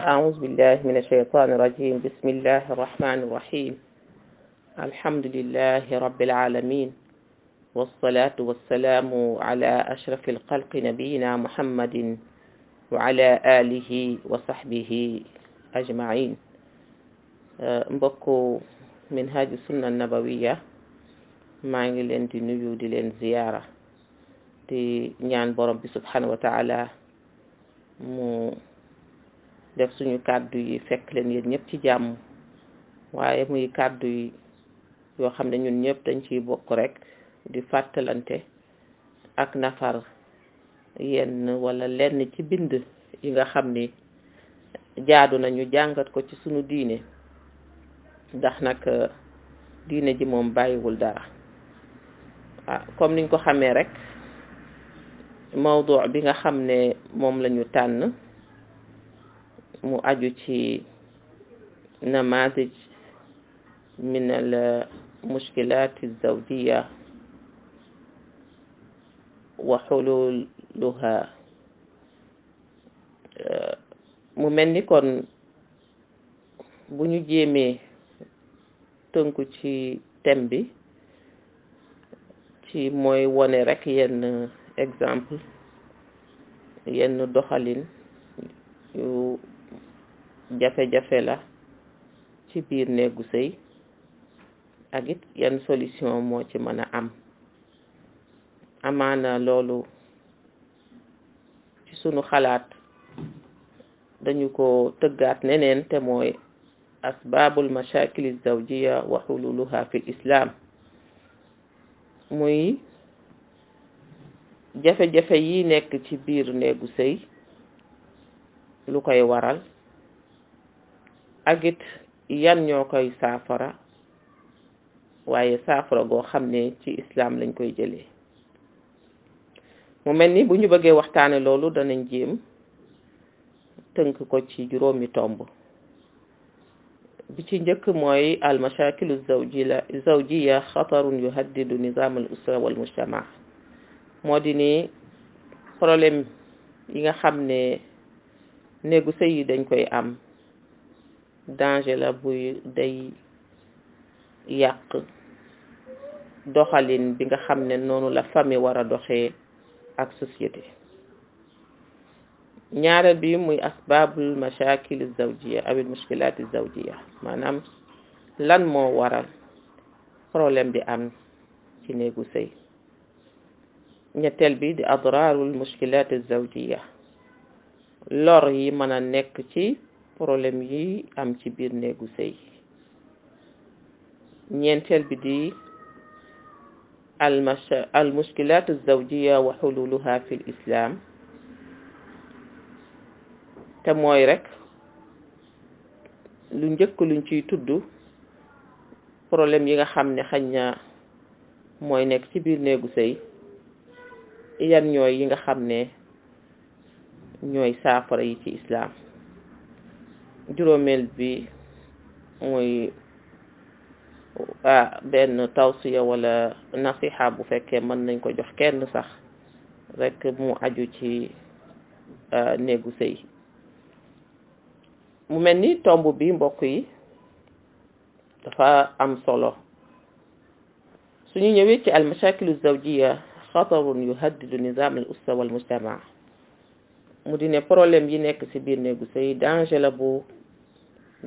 أعوذ بالله من الشيطان الرجيم بسم الله الرحمن الرحيم الحمد لله رب العالمين والصلاة والسلام على أشرف الخلق نبينا محمد وعلى آله وصحبه أجمعين أه، مبكو من هذه السنة النبوية مع ngi دي نيو دي لين زيارة دي نيان برب سبحانه وتعالى مو def suñu kàddu yi fekk leen yéen ñépp ci jàmm waaye muy kàddu yi yoo xam ne ñun ñëpp dañ ciy bokk rek di fàttalante ak nafar yenn walla lenn ci bind yi nga xam ni jaadu nañu jàngat ko ci suñu diine ndax nag euh, diine ji moom bàyyiwul dara ah comme niñ ko xamee rek mawdu bi nga xam ne moom lañu tànn mu aju ci namaazij min al mushkilaat zawjiya wa xululuha mu mel ni kon bu ñu jéemee tënku ci thème bi ci mooy wone rekk yenn exemple yenn doxalin jafe-jafe la ci biir néegu sëy ak yenn solution moo ci mën a am amaana loolu ci sunu xalaat dañu ko tëggaat neneen te mooy asbaabul mashakil zawjiya wa xululuha fi islam muy jafe-jafe yi nekk ci biir néegu sëy lu koy waral ak yan ñoo koy saafara waaye saafara goo xam ne ci islam lañ koy jëlee mu mel ni bu ñu bëggee waxtaanee loolu danañ jéem tënk ko ci juróomi tomb bi ci njëkk mooy al mashakilu zawjiya zawjiya xatarun yuhaddidu nizam al usra wal moo di ni problème yi nga xam ne néegu sëy yi dañ koy am danger la buy day yàq doxalin bi nga xam ne noonu la famille war a doxee ak société ñaareel bi muy asbabul mashakil zawjiya awil mushkilat zawjiya maanaam lan moo waral problème bi am ci néegu sëy ñetteel bi di adrarul mushkilat zawjiya lor yi mën nekk ci problème yi am ci biir néegu sëy ñeenteel bi di al mushkilat az-zawjiyya wa xululuha fi islam te mooy rekk lu njëkk luñ ciy tudd problème yi nga xam ne xañ na mooy nekk ci biir néegu sëy yan ñooy yi nga xam ne ñooy saafara yi ci islam juróomeel bi muy ah benn tawsiya wala nasiha bu fekkee mën nañ ko jox kenn sax rek mu aju ci ah, néegu sëy mu mel ni tomb bi mbokk yi dafa am solo suñu ñëwee ci al mashakilu zawjiya xatarun yuhaddidu nizam al usta wal mujtama mu di problème yi nekk ci biir néegu sëy danger la bu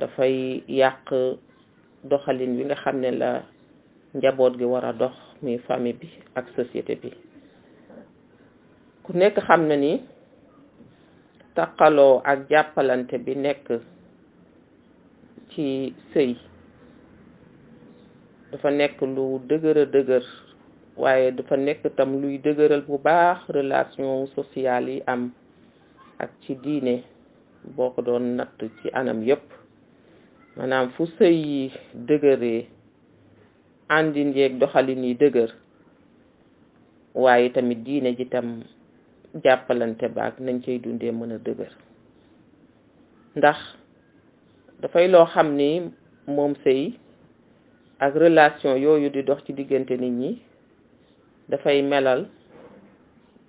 dafay yàq doxalin bi nga xam ne la njaboot gi war a dox muy famille bi ak société bi ku nekk xam na ni taqaloo ak jàppalante bi nekk ci sëy dafa nekk lu dëgëra dëgër waaye dafa nekk tam luy dëgëral bu baax relation sociale yi am ak ci diine boo ko doon natt ci anam yépp maanaam fu sëy yi dëgëree àndin doxalin yi dëgër waaye tamit diine ji tam jàppalante baag nañ cay dundee mën a dëgër ndax dafay loo xam ni moom sëy ak relation yooyu di dox ci diggante nit ñi dafay melal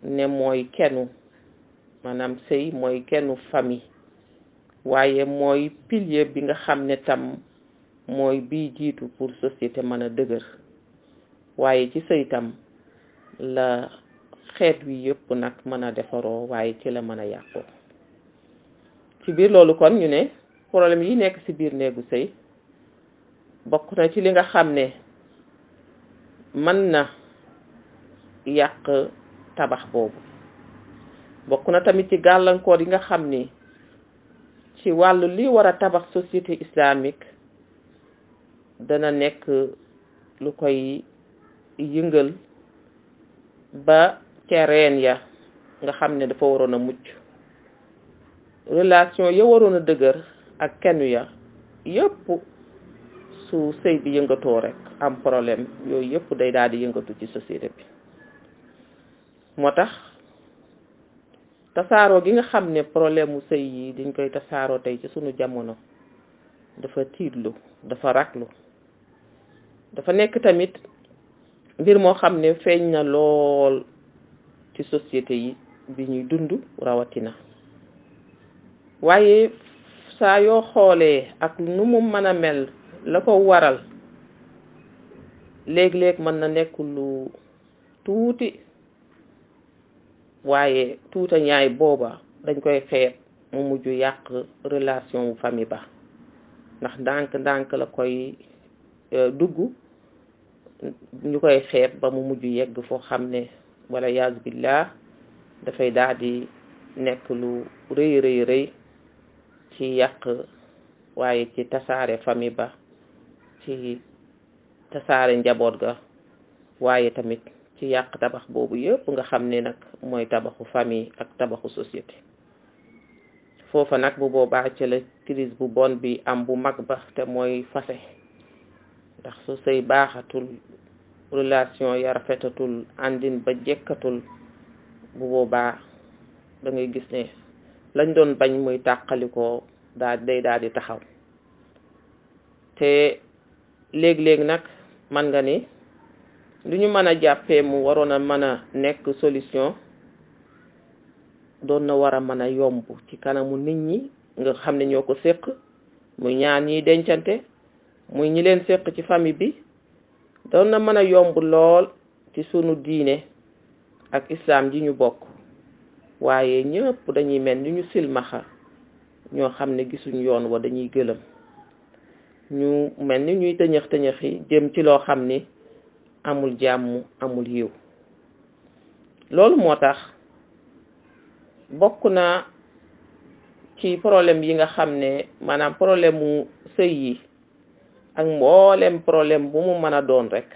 ne mooy kennu maanaam sëy mooy kennu famille waaye mooy pilier bi nga xam ne tam mooy bii jiitu pour société mën a dëgër waaye ci sëy tam la xeet wi yépp nag mën a defaroo waaye ci la mën a yàqu ci biir loolu kon ñu ne problème yi nekk ci biir néegu sëy bokk na ci li nga xam ne mën na yàq tabax boobu bokk na tamit ci gàllankoor yi nga xam ni ci wàll li war a tabax société islamique dana nekk lu koy yëngal ba ca reen ya nga xam ne dafa waroon a mucc relation ya waroon a dëgër ak kenn ya yëpp su sëy bi yëngatoo rek am problème yooyu yëpp day daal di yëngatu ci société bi moo tax tasaaroo gi nga xam ne problème mu sëy yi dañ koy tasaaroo tey ci sunu jamono dafa tiitlu dafa raglu dafa nekk tamit mbir moo xam ne feeñ na lool ci société yi bi ñuy dund rawatina waaye saa yoo xoolee ak nu mu mën a mel la ko waral léeg-léeg mën na nekk lu tuuti waaye tuuta ñaay booba dañ koy xeeb mu mujj yàq relation wu famille ba ndax ndànk ndànk la koy e, dugg ñu koy xeeb ba mu mujj yegg foo xam ne walla yaas billah dafay daal di nekk lu rëy rëy rëy ci yàq waaye ci tasaare famille ba ci tasaare njaboot ga waaye tamit ci yàq tabax boobu yëpp nga xam ne nag mooy tabaxu famille ak tabaxu société foofa nag bu boobaa ci la crise bu bon bi am bu mag ba te mooy fase ndax su sëy baaxatul relation ya rafetatul àndin ba jekkatul bu boobaa da ngay gis ne lañ doon bañ muy tàqalikoo daa day daal di taxaw te léeg-léeg nag man nga ni lu ñu mën a jàppee mu waroon a mën a nekk solution doon na war a mën a yomb ci kanamu nit ñi nga xam ne ñoo ko séq muy ñaar ñiy dencante muy ñi leen séq ci famille bi doon na mën a yomb lool ci sunu diine ak islaam ji ñu bokk waaye ñëpp dañuy mel ni ñu silmaxa ñoo xam ne gisuñ yoon wa dañuy gëlëm ñu mel ni ñuy tëñëx tëñëxi jëm ci loo xam ni amul jàmm amul yiw loolu moo tax bokk na ci problème yi nga xam ne maanaam problème mu sëy yi ak mboolem problème bu mu mën a doon rek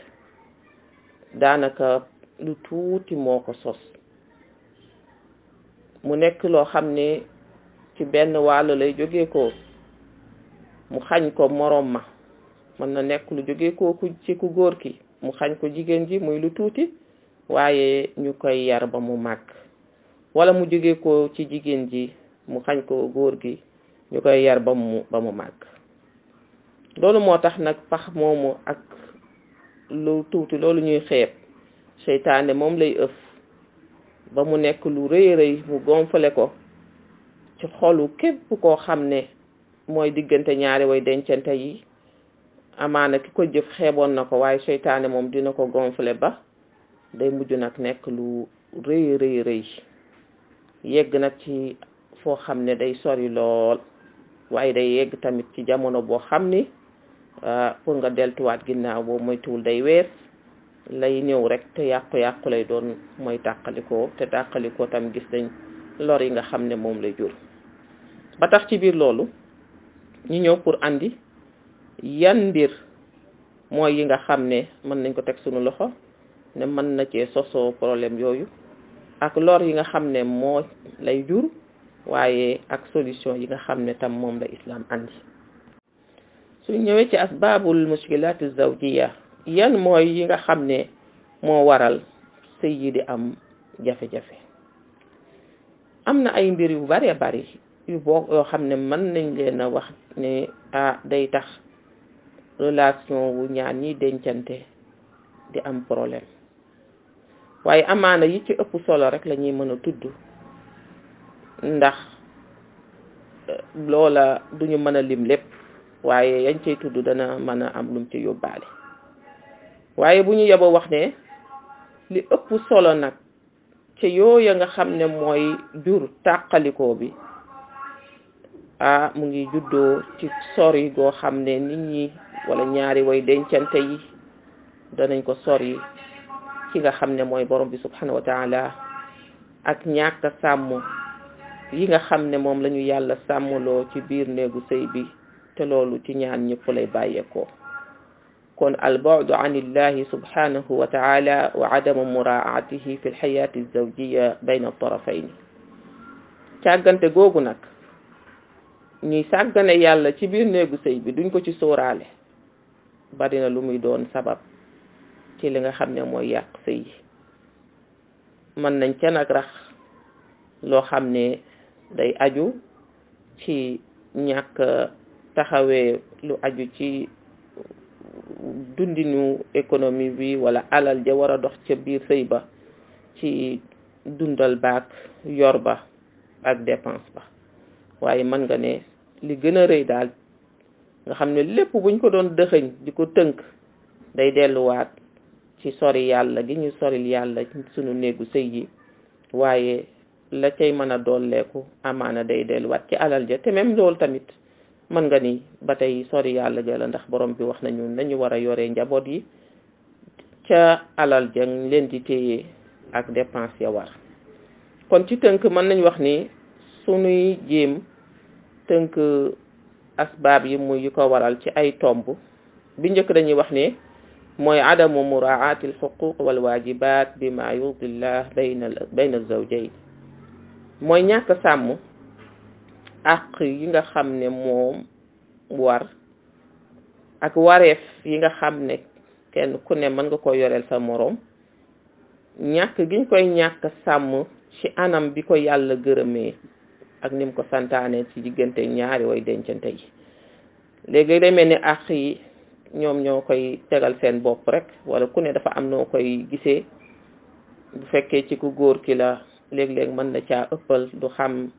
daanaka lu tuuti moo ko sos mu nekk loo xam ne ci benn wàll lay jóge ko mu xañ ko moroom ma mën na nekk lu jóge ko ci ku góor ki mu xañ ko jigéen ji muy lu tuuti waaye ñu koy yar ba mu màgg wala mu jóge ko ci jigéen ji mu xañ ko góor gi ñu koy yar ba mu ba màgg loolu moo tax nag pax moomu ak lu tuuti loolu ñuy xeeb seytaane moom lay ëf ba mu nekk lu rëy a rëy mu gonfale ko ci xolu képp koo xam ne mooy diggante ñaari way dencante yi amaana ki ko jëf xeeboon na ko waaye seytaane moom dina ko gonflé ba day mujj nag nekk lu rëy rëy rëy yegg nag ci foo xam ne day sori lool waaye day yegg tamit ci jamono boo xam ni euh, pour nga deltuwaat ginnaaw boo moytuwul day wees lay ñëw rek te yàqu-yàqu lay doon mooy tàqalikoo te tàqalikoo tam gis nañ lor yi nga xam ne moom lay jur ba tax ci biir loolu ñu ñëw pour andi yan mbir mooy yi nga xam ne mën nañ ko teg sunu loxo ne mën na cee sosoo problème yooyu ak lor yi nga xam ne moo lay jur waaye ak solution yi nga xam ne tam moom la islam andi suñ ñëwee ci asbaabul mushkilaati zawjiya yan mooy yi nga xam ne moo waral sëy yi di am jafe-jafe am na ay mbir yu bare bari yu bokk yoo xam ne mën nañ leen a wax ne ah, day tax relation wu ñaar ñiy dencante di am problème waaye amaana yi ci ëpp solo rek lañuy ñuy mën a tudd ndax euh, loola duñu mën a lim lépp waaye yañ cay tudd dana mën a am lum ci yóbbaale waaye bu ñu yeboo wax ne li ëpp solo nag ci yooya nga xam ne mooy jur tàqalikoo bi ah mu ngi juddoo ci sori goo xam ne nit ñi wala ñaari way dencante yi danañ ko sori ki nga xam ne mooy borom bi subhanahu wa taala ak ñàkk a sàmm yi nga xam ne moom la ñu yàlla sàmmloo ci biir néegu sëy bi te loolu ci ñaan ñëpp lay bàyyeekoo kon albadu an illahi subhanahu wa taala wa adamu muraatihi fi lxayaati alzawjiya bayna altarafayn càggante googu nag ñuy sàggane yàlla ci biir néegu sëy bi تي ko bari na lu muy doon sabab ci li nga xam ne mooy yàq sëy mën nañ ca nag rax loo xam ne day aju ci ñàkk taxawee lu aju ci dundinu économie bi wala alal ja war a dox ca biir sëy ba ci dundal baak yor ba ak dépense ba waaye mën nga ne li gën a rëy daal nga xam ne lépp buñ ko doon dëxëñ di ko tënk day delluwaat ci sori yàlla gi ñu soril yàlla sunu néegu sëy yi waaye la cay mën a dolleeku amaana day delluwaat ci alal ja te même loolu tamit mën nga ni ba tey sori yàlla ja la ndax boroom bi wax nañu nañu war a yore njaboot yi ca alal ja leen di téye ak dépense ya war kon ci tënk mën nañ wax ni sunuy jéem tënk asbaab yi muy yi ko waral ci ay tomb bi njëkk dañuy wax ne mooy adamu muraaati alxuquq wal waajibaat bi ma yurdillah bayna bayna zawjayn mooy ñàkk sàmm àq yi nga xam ne moom war ak wareef yi nga xam ne kenn ku ne mën nga ko yoreel sa moroom ñàkk giñ koy ñàkk sàmm ci anam bi ko yàlla gërëmee ak nim ko santaane ci diggante ñaari way dencante yi léegi day mel ni àq yi ñoom ñoo koy tegal seen bopp rek wala ku ne dafa am noo koy gisee bu fekkee ci ku góor ki la léegi léeg mën na caa ëppal du xam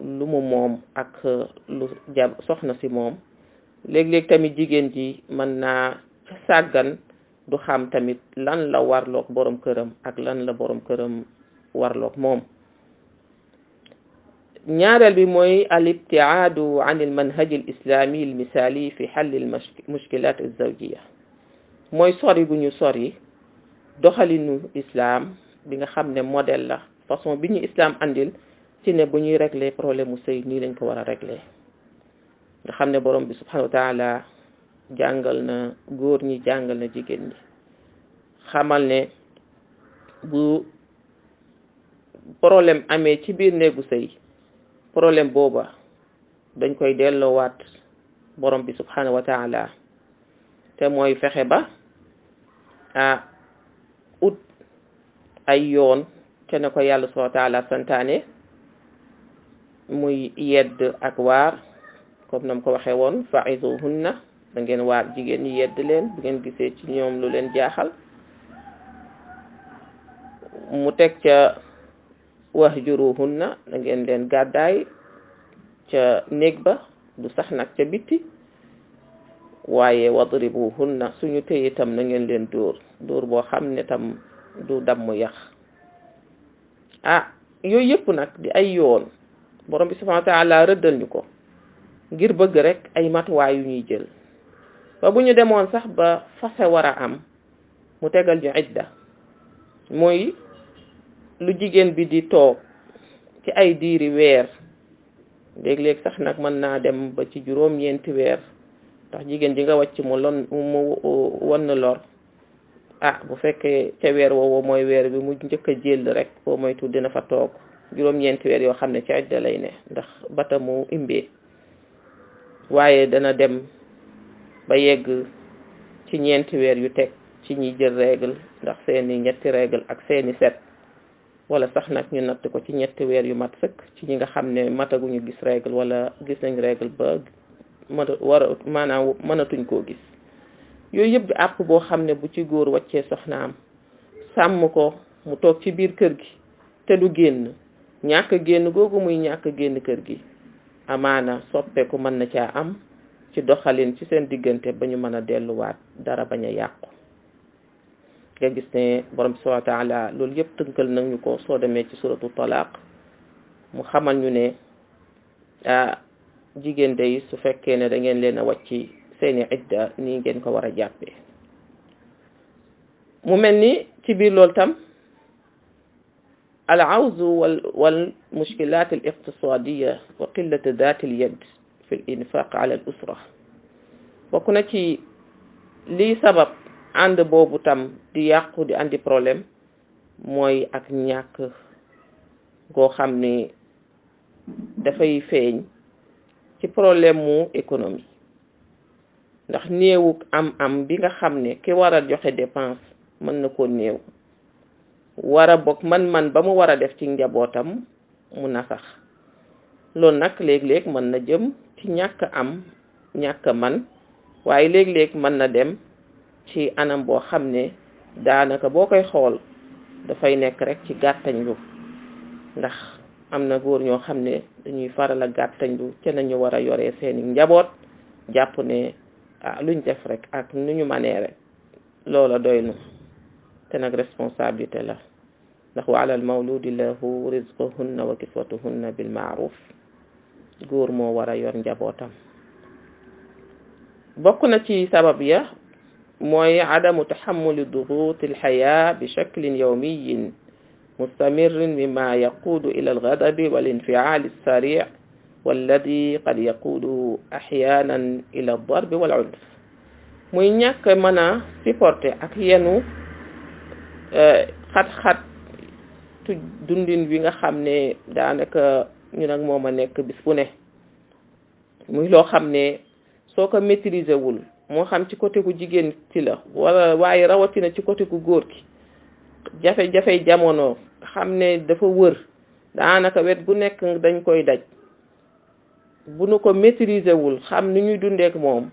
lu mu moom ak lu jab soxna si moom léeg-léeg tamit jigéen ji mën naa sàggan du xam tamit lan la warloog borom këram ak lan la boroom këram warloog moom ñaareel bi mooy al ibtiaadu an al manhaj al islami al misali fi xalli al mushkilat al zawjiya mooy sori gu ñu sori doxalinu islam bi nga xam ne model la façon bi ñu islam andil ci ne bu ñuy régler problème mu sëy nii lañ ko war a régler nga xam ne borom bi subhanahu wa jàngal na góor ñi jàngal na jigéen ñi xamal ne bu problème amee ci biir néegu sëy problème booba dañ koy delloowaat borom bi subhanahu wa taala te mooy fexe ba ah ut ay yoon te ne ko yàlla subhanahu wa santaane muy yedd ak waar kom nam ko waxee woon fa'izuhunna da dangeen waar jigéen ñi yedd leen bu ngeen gisee ci ñoom lu leen jaaxal mu teg ca wahjuruhunna na ngeen leen gàddaay ca néeg ba du sax nag ca bitti waaye na suñu téye itam na ngeen leen dóor dóor boo xam ne tam du damm yax ah yooyu yëpp nag di ay yoon borom bi subhanahu wa taala rëddal ñu ko ngir bëgg rekk ay matuwaay yu ñuy jël ba bu ñu demoon sax ba fase war a am mu tegal ñu idda mooy lu jigéen bi di toog ci ay diiri weer léeg-léeg sax nag mën naa dem ba ci juróom-ñeenti weer ndax jigéen ji nga wàcc mu lon mu wonn lor ah bu fekkee ca weer woowu mooy weer bi mu njëkk a jël rek boo moytu dina fa toog juróom-ñeenti weer yoo xam ne ca da lay ne ndax bata mu imbee waaye dana dem ba yegg ci ñeenti weer yu teg ci ñi jël règle ndax seeni ñetti règle ak seeni set wala sax nag ñu natt ko ci ñetti weer yu mat sëkk ci ñi nga xam ne mataguñu gis règle wala gis nañ règle ba mën war maanaam mënatuñ koo gis yooyu yëpp di àpp boo xam ne bu ci góor waccee am sàmm ko mu toog ci biir kër gi te du génn ñàkk génn googu muy ñàkk génn kër gi amaana soppeeku mën na caa am ci doxalin ci seen diggante ba ñu mën a delluwaat dara bañ a yàqu nga gis ne borom bi subhanahu wa taala loolu yëpp tënkal nag ñu ko soo demee ci suratu talaq mu xamal ñu ne ah jigéen day su fekkee ne da ngeen leen a wàcc seeni idda nii ngeen ko war a jàppee mu mel ni ci biir loolu tam al awzu wal wal mushkilat al iqtisadiya wa qillat dhat al yad fi al infaq ala al usra bokk na ci lii sabab ànd boobu tam di yàqu di andi problème mooy ak ñàkk goo xam ne dafay feeñ ci problème mu économie ndax néewu am-am bi nga xam ne ki war a joxe dépense mën na ko néew war a bokk man-man ba mu war a def ci njabootam mu nasax loolu nag léeg-léeg mën na jëm ci ñàkk am ñàkk man waaye léeg-léeg mën na dem ci anam boo xam ne daanaka boo koy xool dafay nekk rek ci gàttañlu ndax am na góor ñoo xam ne dañuy faral a gàttañlu ca nañu war a yore yoree seeni njaboot jàpp ne ah luñ def rek ak nu ñu manee loola doy na te nag responsabilité la ndax wa alal mawludi lahu rizquhunna wa kiswatuhunna bil maaruf góor moo war a yor njabootam bokk na ci sabab ya موي عدم تحمل ضغوط الحياة بشكل يومي مستمر مما يقود إلى الغضب والانفعال السريع والذي قد يقود أحيانا إلى الضرب والعنف موي منا سيبورتي اك ينو خط خط دوندين بيغا خامني دانك ني نك موما نيك بيسبو ني موي لو خامني سوكو ميتريزي وول moo xam ci côté ku jigéen ci la wala waaye rawatina ci côté ku góor ki jafe-jafe jamono xam ne dafa wër daanaka wet gu nekk dañ koy daj bu nu ko maîtriser wul xam ni ñuy dundeek moom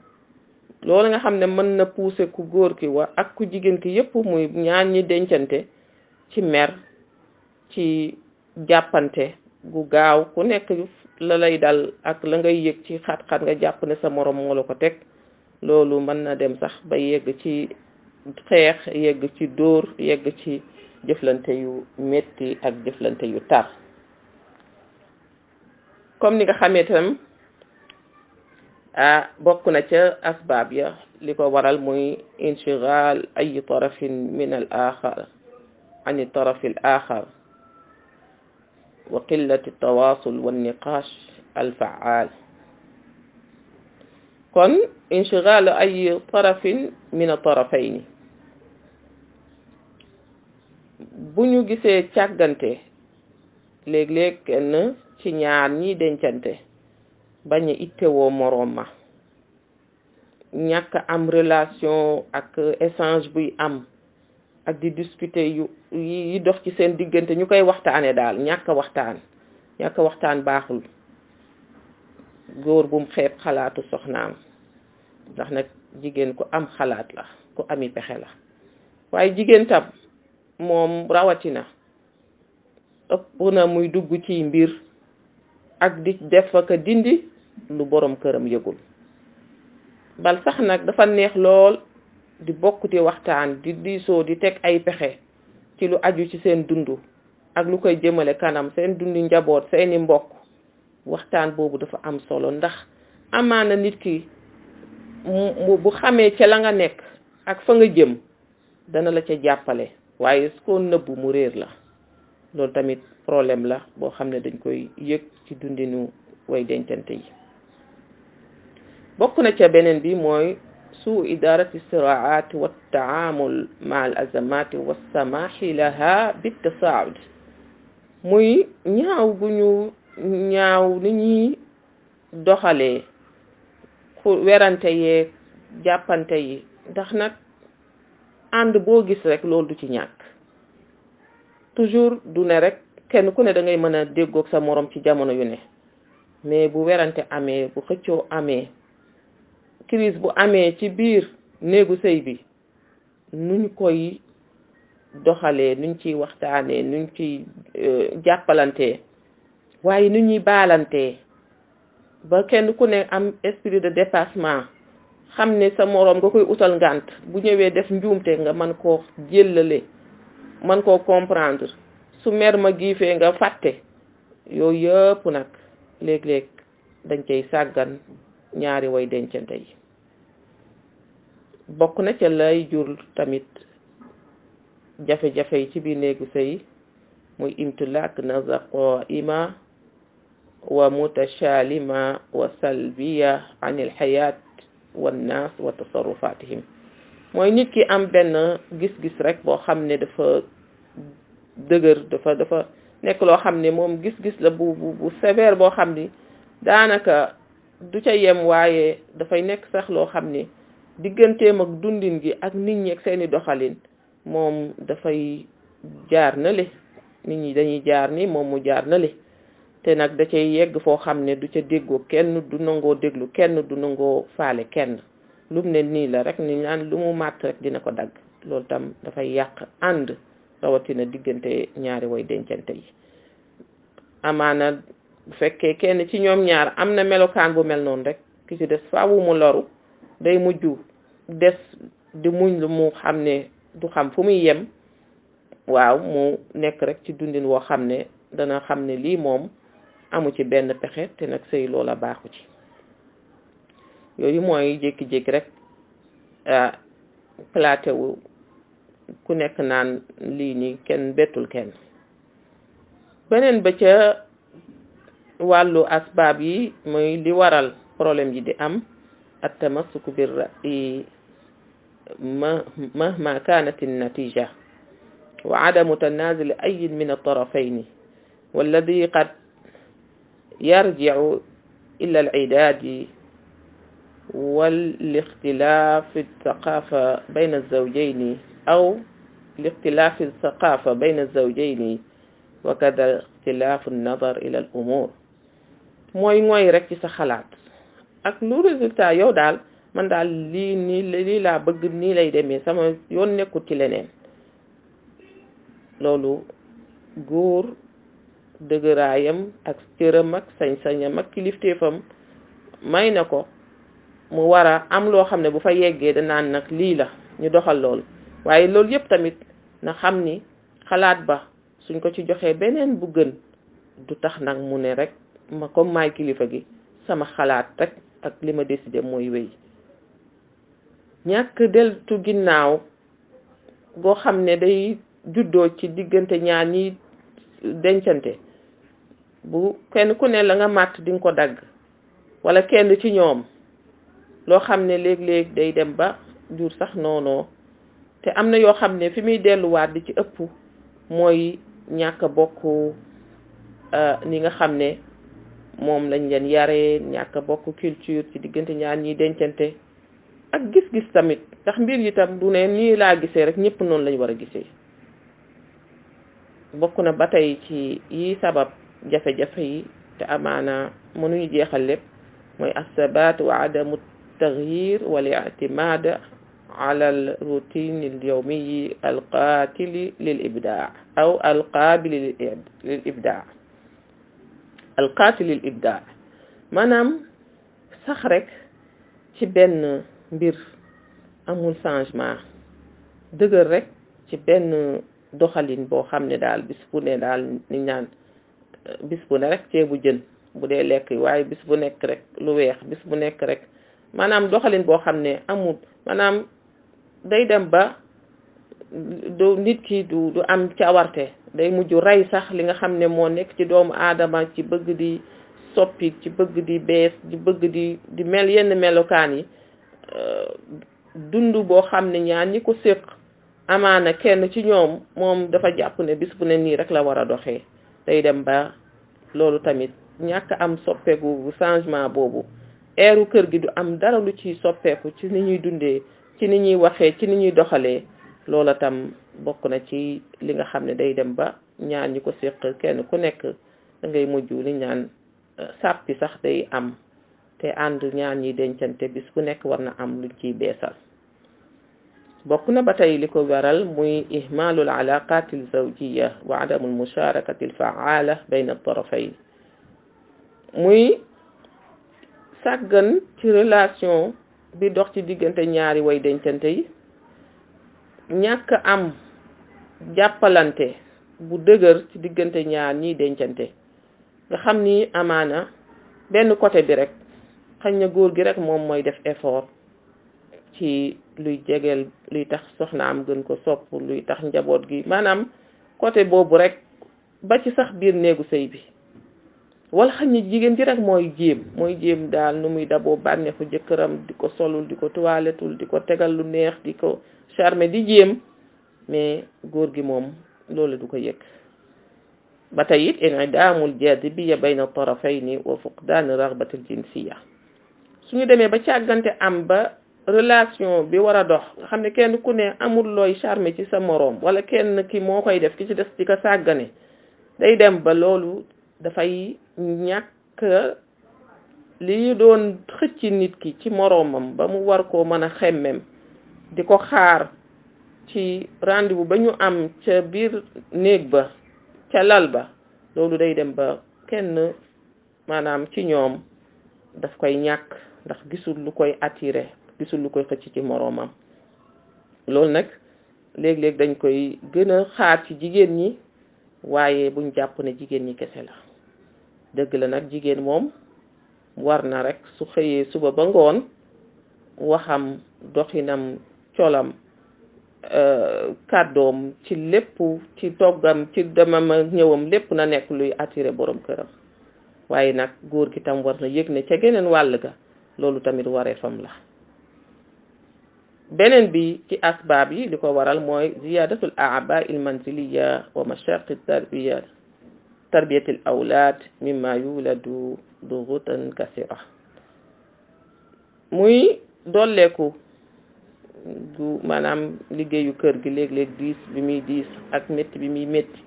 loolu nga xam ne mën na pousser ku góor ki wa ak ku jigéen ki yépp muy ñaan ñi dencante ci mer ci jàppante gu gaaw ku nekk la lay dal ak la ngay yëg ci xat-xat nga jàpp ne sa moroom moo la ko teg lolu man na dem sax ba yegg ci xex yegg ci dóor yegg ci jëflante yu metti ak jëflante yu tar comme ni nga xamé tam ah bokku na ci asbab ya liko waral muy inshigal ay taraf min al akhar an taraf al axar wa qillat التواصل والنقاش الفعال kon inchigaalu ay tarafin min a yi bu ñu gisee càggante léeg-léeg kenn ci ñaar ñi dencante bañ a ittewoo moroom ma ñàkk am relation ak échange buy am ak di discuter yu yi dox ci seen diggante ñu koy waxtaane daal ñàkk waxtaan ñàkk waxtaan baaxul góor bum xeet xalaatu soxnaam ndax nag jigéen ku am xalaat la ku ami pexe la waaye jigéen moom rawatina ëpp na muy dugg ci mbir ak di def ak dindi lu boroom këram yëgul bal sax nag dafa neex lool di bokk waxtaan di diisoo di teg ay pexe ci lu aju ci seen dund ak lu koy jëmale kanam seen dundi njaboot seeni mbokk waxtaan boobu dafa am solo ndax amaana nit ki bu xamee ca la nga nekk ak fa nga jëm dana la ca jàppale waaye su ko nëbbu mu réer la loolu tamit problème la boo xam ne dañ koy yëg ci dundinu way dencante yi bokk na ca beneen bi mooy su idarati siraati wa taamul ma al azamati wa samaahi laha bitasaawud muy ñaaw gu ñu ñaaw ni ñuy doxalee ku werante yeeg jàppante yi ndax nag ànd boo gis rek loolu du ci ñàkk toujours du ne rek kenn ku ne da ngay mën a déggook sa moroom ci jamono yu ne mais bu werante amee bu xëccoo amee crise bu amee ci biir néegu sëy bi nuñ koy doxalee nuñ ciy waxtaanee nuñ ciy euh, jàppalantee waaye ni ñuy balante ba kenn ku ne am esprit de dépassement xam ne sa moroom nga koy utal ngànt bu ñëwee def njuumte nga man koo jëllale man koo comprendre su mer ma giifee nga fàtte yooyu yëpp nag léeg-léeg dañ cay sàggan ñaari woy dence yi bokk na ca lay jur tamit jafe-jafe yi ci biir néegu sëy muy imtu làkk na za ima wa mutashaalima wa salbiya an il xayaat wa tasarufatihim mooy nit ki am benn gis-gis rek boo xam ne dafa dëgër dafa dafa nekk loo xam ne moom gis-gis la bu bu bu boo xam ne daanaka du ca yem waaye dafay nekk sax loo xam ne digganteem ak dundin gi ak nit ñi ak seeni doxalin moom dafay jaar na le nit ñi dañuy jaar ni moom mu jaar na le te nag da cay yegg foo xam ne du ca déggoo kenn du nangoo déglu kenn du nangoo faale kenn lum ne nii la rek ni naan lu mu màtt rek dina ko dagg loolu tam dafay yàq ànd rawatina diggante ñaari woy dencante yi amaana bu fekkee kenn ci ñoom ñaar am na melokaan bu mel noonu rek ki ci des faawu mu loru day mujj des di muñ lu mu xam ne du xam fu muy yem waaw mu nekk rek ci dundin woo xam ne dana xam ne lii moom amu ci benn pexe te nag sëy loola baaxu ci yooyu mooy jékki-jékki rek platé wu ku nekk naan lii nii kenn bettul kenn beneen ba ca wàllu asbaab yi muy li waral problème yi di am attamassuku bir ra'yi mahma kanat an-natija wa adamu tanazul ayyin min at-tarafayni والذي قد يرجع إلى العداد والاختلاف الثقافة بين الزوجين أو الاختلاف الثقافة بين الزوجين وكذا اختلاف النظر إلى الأمور موي موي رك سا خلات اك نو ريزولتا يو دال من دال لي ني لي لا بغ ني لاي ديمي سما يون نيكوت لولو غور dëgëraayam ak cëram ak sañ ak kilifteefam may na ko mu war a am loo xam ne bu fa yeggee danaan nag lii la ñu doxal loolu waaye loolu yépp tamit na xam ni xalaat ba suñ ko ci joxee beneen bu gën du tax nag mu ne rekk ma comme maay kilifa gi sama xalaat rek ak li ma de mooy wéy ñàkk deltu ginnaaw goo xam ne day juddoo ci diggante ñaar ñi dencante bu kenn ku ne la nga màtt di ko dagg wala kenn ci ñoom loo xam ne léeg-léeg day dem ba jur sax noonu te am na yoo xam ne fi muy delluwaat di ci ëpp mooy ñàkk bokk euh, ni nga xam ne moom lañ leen yare ñàkk bokk culture ci diggante ñaar ñiy dencante ak gis-gis tamit ndax mbir yi tam du ne nii laa gisee rek ñépp noonu lañ war a gisee bokk na ba tey ci yi sabab jafe-jafe yi te amaana mënuñu jeexal lépp mooy assabat wa adamu taxyir wal ictimad ala al routine al yawmiyi al qaatili lil ibdaa aw al qaabili lil ibdaa al qaatili lil ibdaa maanaam sax rek ci benn mbir amul changement dëgër rek ci benn doxalin boo xam ne daal bis bu ne daal ni ñaan bis bu ne rek ceebu jën bu dee lekk yi waaye bis bu nekk rek lu weex bis bu nekk rek maanaam doxalin boo xam ne amul maanaam day dem ba du nit ki du du am cawarte day mujj rey sax li nga xam ne moo nekk ci doomu aadama ci bëgg di soppi ci bëgg di bees di bëgg di di mel yenn melokaan yi euh, dund boo xam ne ñaar ñi ko séq amaana kenn ci ñoom moom dafa jàpp ne bis bu ne nii rek la war a doxee day dem ba loolu tamit ñàkk am soppeeku changement boobu eeru kër gi du am dara lu ciy soppeeku ci ni ñuy dundee ci ni ñuy waxee ci ni ñuy doxalee loola tam bokk na ci li nga xam ne day dem ba ñaar ñi ko séq kenn ku nekk da ngay mujj li ñaan euh, sàppi sax day am te ànd ñaan ñiy dencante bis ku nekk war na am luñ ciy beesal bokk na ba tey li ko waral muy ihmaalul alaqaati alzawjiya wa adamu almusharakati alfaala bayna altarafayn muy sàggan ci relation bi dox ci diggante ñaari way dencante yi ñàkk am jàppalante bu dëgër ci diggante ñaar ñiy dencante nga xam ni amaana benn côté bi rek xañ na góor gi rek moom mooy def effort ci luy jegeel luy tax am gën ko sopp luy tax njaboot gi maanaam côté boobu rek ba ci sax biir néegu sëy bi wala xam ni jigéen ji rek mooy jéem mooy jéem daal nu muy daboo bànneexu jëkkëram di ko solul di ko toilettul di ko tegal lu neex di ko charmer di jéem mais góor gi moom loolu du ko yëg ba tey it in'idaamul jaazibiyya bayna tarafayni wa fuqdaani ragbatil jinsiya su ñu demee ba càggante am ba relation bi war a dox nga xam ne kenn ku ne amul looy charme ci sa moroom wala kenn ki moo koy def ki ci def di ka sàggane day dem ba loolu dafay ñàkk li doon xëcc nit ki ci moroomam ba mu war koo mën a xemmem di ko xaar ci rendez-vous ba ñu am ca biir néeg ba ca lal ba loolu day dem ba kenn maanaam ci ñoom daf koy ñàkk ndax gisul lu koy attiré gisul lu koy xëcc ci moroomam loolu nag léeg-léeg dañ koy gën xaar ci jigéen ñi waaye buñ jàpp ne jigéen ñi kese la dëgg la nag jigéen moom war na rekk su xëyee suba ba ngoon waxam doxinam colam euh, kàddoom ci lépp ci toggam ci demam ak ñëwam lépp na nekk luy attiré borom këram waaye nag góor gi tam war na yëg ne ca geneen wàll ga loolu tamit wareefam la beneen bi ci asbaab yi li ko waral mooy ziyadatul aaba il manziliya wa mashaqi tarbiya tarbiyatil awlaad mimma yuladu dugutan kasira muy dolleeku gu maanaam liggéeyu kër gi léeg-léeg diis bi muy diis ak métti bi muy métti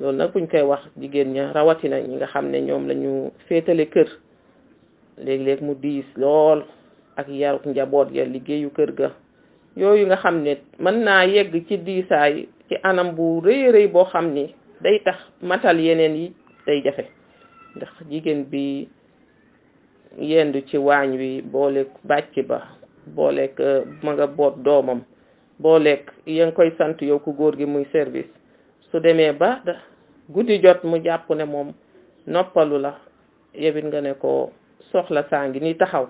loolu nag buñ koy wax jigéen ña rawatina ñi nga xam ne ñoom lañu féetale kër léeg-léeg mu diis lool ak yaruk njaboot ya liggéeyu kër ga yooyu nga xam ne mën naa yegg ci diisaay ci anam bu rëy rëy boo xam ni day tax matal yeneen yi day jafe ndax jigéen bi yendu ci waañ wi boole bàcc ba booleeg euh, ma nga boot doomam booleeg ya nga koy sant yow ku góor gi muy service su demee ba guddi jot mu jàpp ne moom noppalu la yebit nga ne ko soxla saa ngi ni taxaw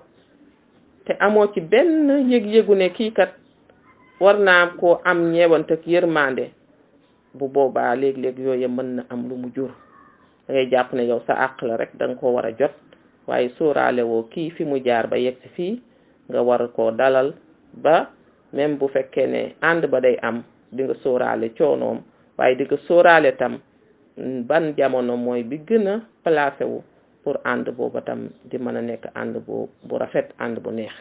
te amoo ci benn yëg-yëgu ne kii kat war naa koo am ñeewante ak yërmande bu boobaa léeg-léeg yooyu mën na am lu mu jur da jàpp ne yow sa àq la rek da nga ko war a jot waaye sóoraale woo kii fi mu jaar ba yegg si fii nga war koo dalal ba même bu fekkee ne ànd ba day am di nga sóoraale coonoom waaye di nga sóoraale tam ban jamono mooy bi gën a placé pour ànd booba tam di mën a nekk ànd bu bu rafet ànd bu neex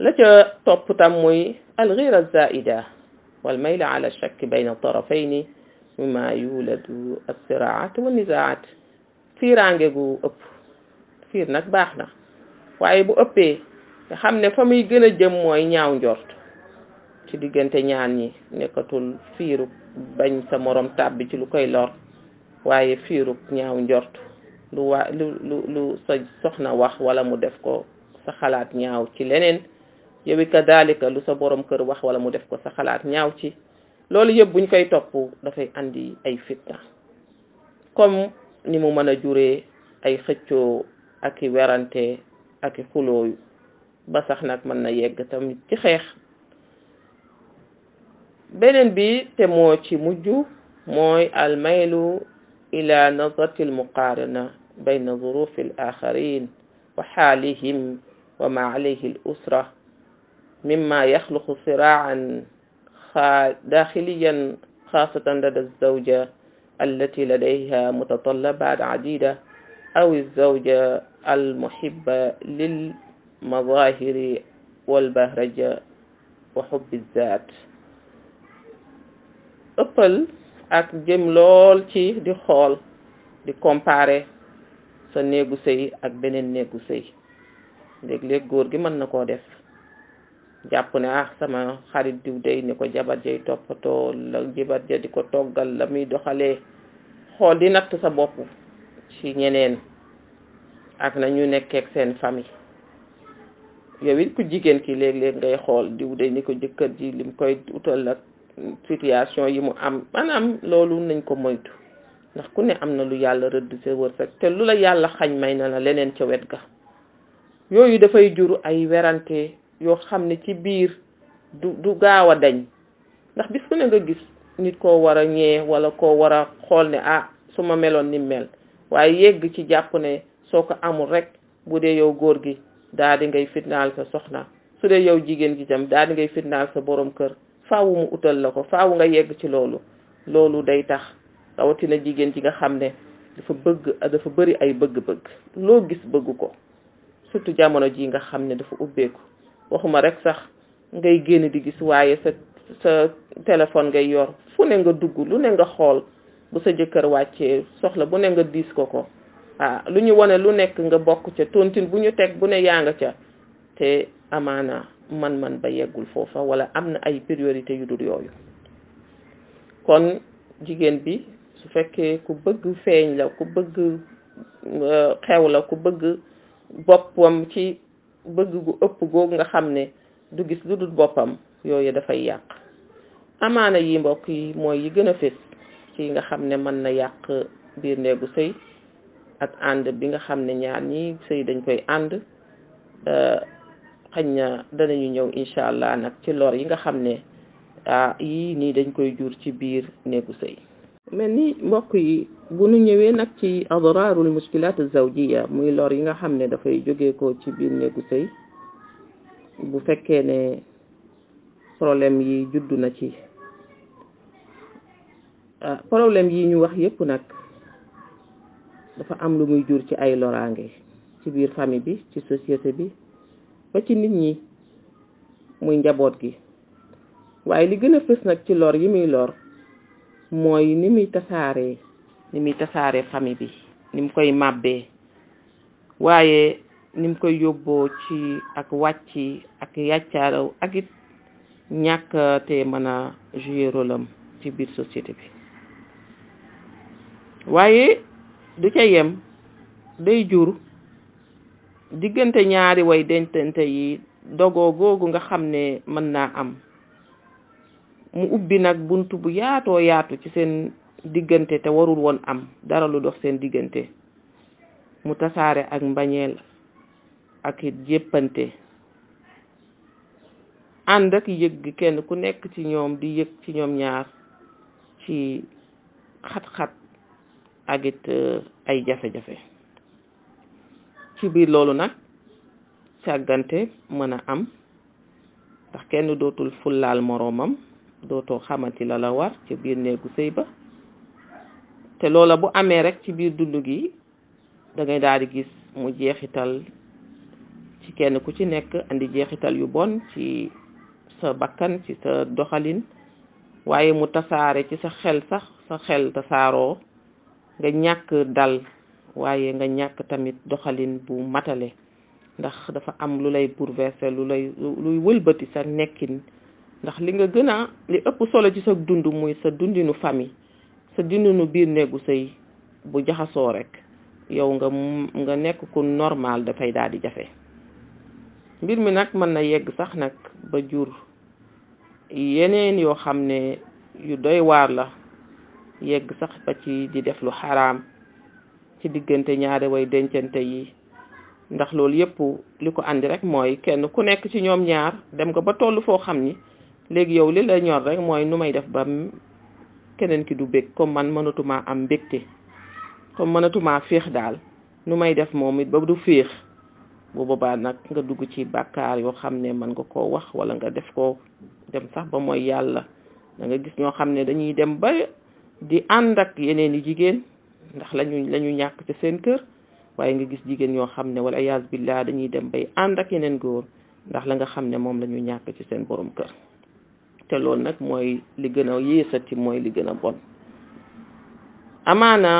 التي طب تموي الغير الزائدة والميل على الشك بين الطرفين مما يولد الصراعات والنزاعات في رانجو أب في رنك باحنا وعيبو أبي يخمنا فمي جنة جموعي نعو جورت تدي جنت نعني نكتل فيرو بين سمرم تابي جلو كيلور وعي فيرو نعو جورت لو لو لو لو سخنا وخ ولا مدفكو سخلات نعو تلنين yow ka dalika lu sa borom keur wax wala mu def ko sa xalaat ñaaw ci loolu yeb buñ koy top da fay andi ay fitna comme ni mu mën juré ay xëccoo ak werante ak i xulooyu ba sax nak man na yegg tam ci xex benen bi te mo ci moy al maylu ila nazati al muqarana bayna dhuruf al akharin wa halihim wa ma alayhi al usrah مما يخلق صراعا داخليا خاصة لدى الزوجة التي لديها متطلبات عديدة أو الزوجة المحبة للمظاهر والبهرجة وحب الذات أبل ak jëm lool ci di xool di comparer sa néegu sëy ak beneen néegu sëy léeg-léeg góor gi mën na koo def jàpp ne ah sama xarit diw day ni ko jabar jay toppatoo la jabar ja di ko toggal la muy doxalee xool di natt sa bopp ci ñeneen ak na ñu nekkee seen famille yow it ku jigéen ki léeg-léeg ngay xool diw day ni ko jëkkër ji lim koy utal ak situation yi mu am maanaam loolu nañ ko moytu ndax ku ne am na lu yàlla rëdd sa wërsëg te lu la yàlla xañ may na la leneen ca wet ga yooyu dafay jur ay werante yoo xam ne ci biir du du gaaw a dañ ndax bi ku ne nga gis nit koo war a ñee wala koo war a xool ne ah su ma meloon ni mel waaye yegg ci jàpp ne soo ko amul rek bu dee yow góor gi daa di ngay fitnaal sa soxna su dee yow jigéen gi tam dal di ngay fitnaal sa boroom kër faawu mu utal la ko faawu nga yegg ci loolu loolu day tax rawatina jigéen ji nga xam ne dafa bëgg dafa bëri ay bëgg-bëgg loo gis bëgg ko surtout jamono ji nga xam ne dafa ubbeeku waxuma rekk sax ngay génn di gis waaye sa sa téléphone ngay yor fu ne nga dugg lu ne nga xool bu sa jëkkër wàccee soxla bu ne nga diis ko ko ah lu ñu wane lu nekk nga bokk ca tontine bu ñu teg bu ne yaa nga ca te amaana man-man ba yeggul foofa wala am na ay priorité yu dul yooyu kon jigéen bi su fekkee ku bëgg feeñ la ku bëgg euh, xew la ku bëgg boppam ci bëgg bu ëpp googu nga xam ne du gis lu dul boppam yooyu dafay yàq amaana yi mbokk yi mooy yi gën a fés ci nga xam ne mën na yàq biir néegu sëy ak ànd bi nga xam ne ñaar ñi sëy dañ koy ànd xañ na ñu ñëw incha allah nag ci lor yi nga xam ne ah, yii nii dañ koy jur ci biir néegu sëy mel ni mbokk yi bu nu ñëwee nag ci adraarul muskilaat zawjiya muy lor yi nga xam ne dafay jóge ko ci biir néegu sëy bu fekkee ne problème yi juddu na ci ah, problème yi ñu wax yépp nag dafa am lu muy jur ci ay loraange ci biir famille bi ci société bi ba ci nit ñi muy njaboot gi waaye li gën a fës nag ci lor yi muy lor mooy ni muy tasaaree ni muy tasaare famille bi ni mu koy màbbee waaye ni mu koy yóbboo ci ak wàcc ak yàccaaraw ak it ñàkk te a jouer rôle ci biir société bi waaye du ca yem day jur diggante ñaari way dentante yi dogoo googu nga xam ne mën naa am mu ubbi nag bunt bu yaatoo yaatu ci seen diggante te warul woon am dara lu dox seen diggante mu tasaare ak mbañeel ak it jéppante ànd ak yëg gi kenn ku nekk ci ñoom di yëg ci ñoom ñaar ci xat-xat ak euh, ay jafe-jafe ci biir loolu nag càggante mën a am ndax kenn dootul fullaal moroomam dootoo xamati la la war ci biir néegu sëy ba te loola bu amee rek ci biir dund gi dangay daal di gis mu jeexital ci kenn ku ci nekk andi jeexital yu bon ci sa bakkan ci sa doxalin waaye mu tasaare ci sa xel sax sa xel tasaaroo nga ñàkk dal waaye nga ñàkk tamit doxalin bu matale ndax dafa am lu lay bouleverser lu lay luy wëlbati sa nekkin ndax li nga gën a li ëpp solo ci sa dund muy sa dundinu famille sa dindinu biir néegu sëy bu jaxasoo rek yow nga nekk ku normal dafay daal di jafe mbir mi nag mën na yegg sax nag ba jur yeneen yoo xam ne yu doy waar la yegg sax ba ci di def lu xaraam ci diggante ñaari way dencante yi ndax loolu yëpp li ko andi rek mooy kenn ku nekk ci ñoom ñaar dem nga ba toll foo xam ni léegi yow li la ñor rek mooy nu may def ba keneen ki du bég comme man mënatuma am mbégte comme mënatumaa féex daal nu may def moom it ba du féex bu boobaa nag nga dugg ci bàkkaar yoo xam ne mën nga koo wax wala nga def ko dem sax ba mooy yàlla da nga gis ñoo xam ne dañuy dem ba di ànd ak yeneen i jigéen ndax lañu la ñàkk ci seen kër waaye nga gis jigéen ñoo xam ne wala iyaas billah dañuy dem bay ànd ak yeneen góor ndax la nga xam ne moom la ñu ñàkk ci seen borom kër te loolu nag mooy li gën a yéesati mooy li gën a bon amaana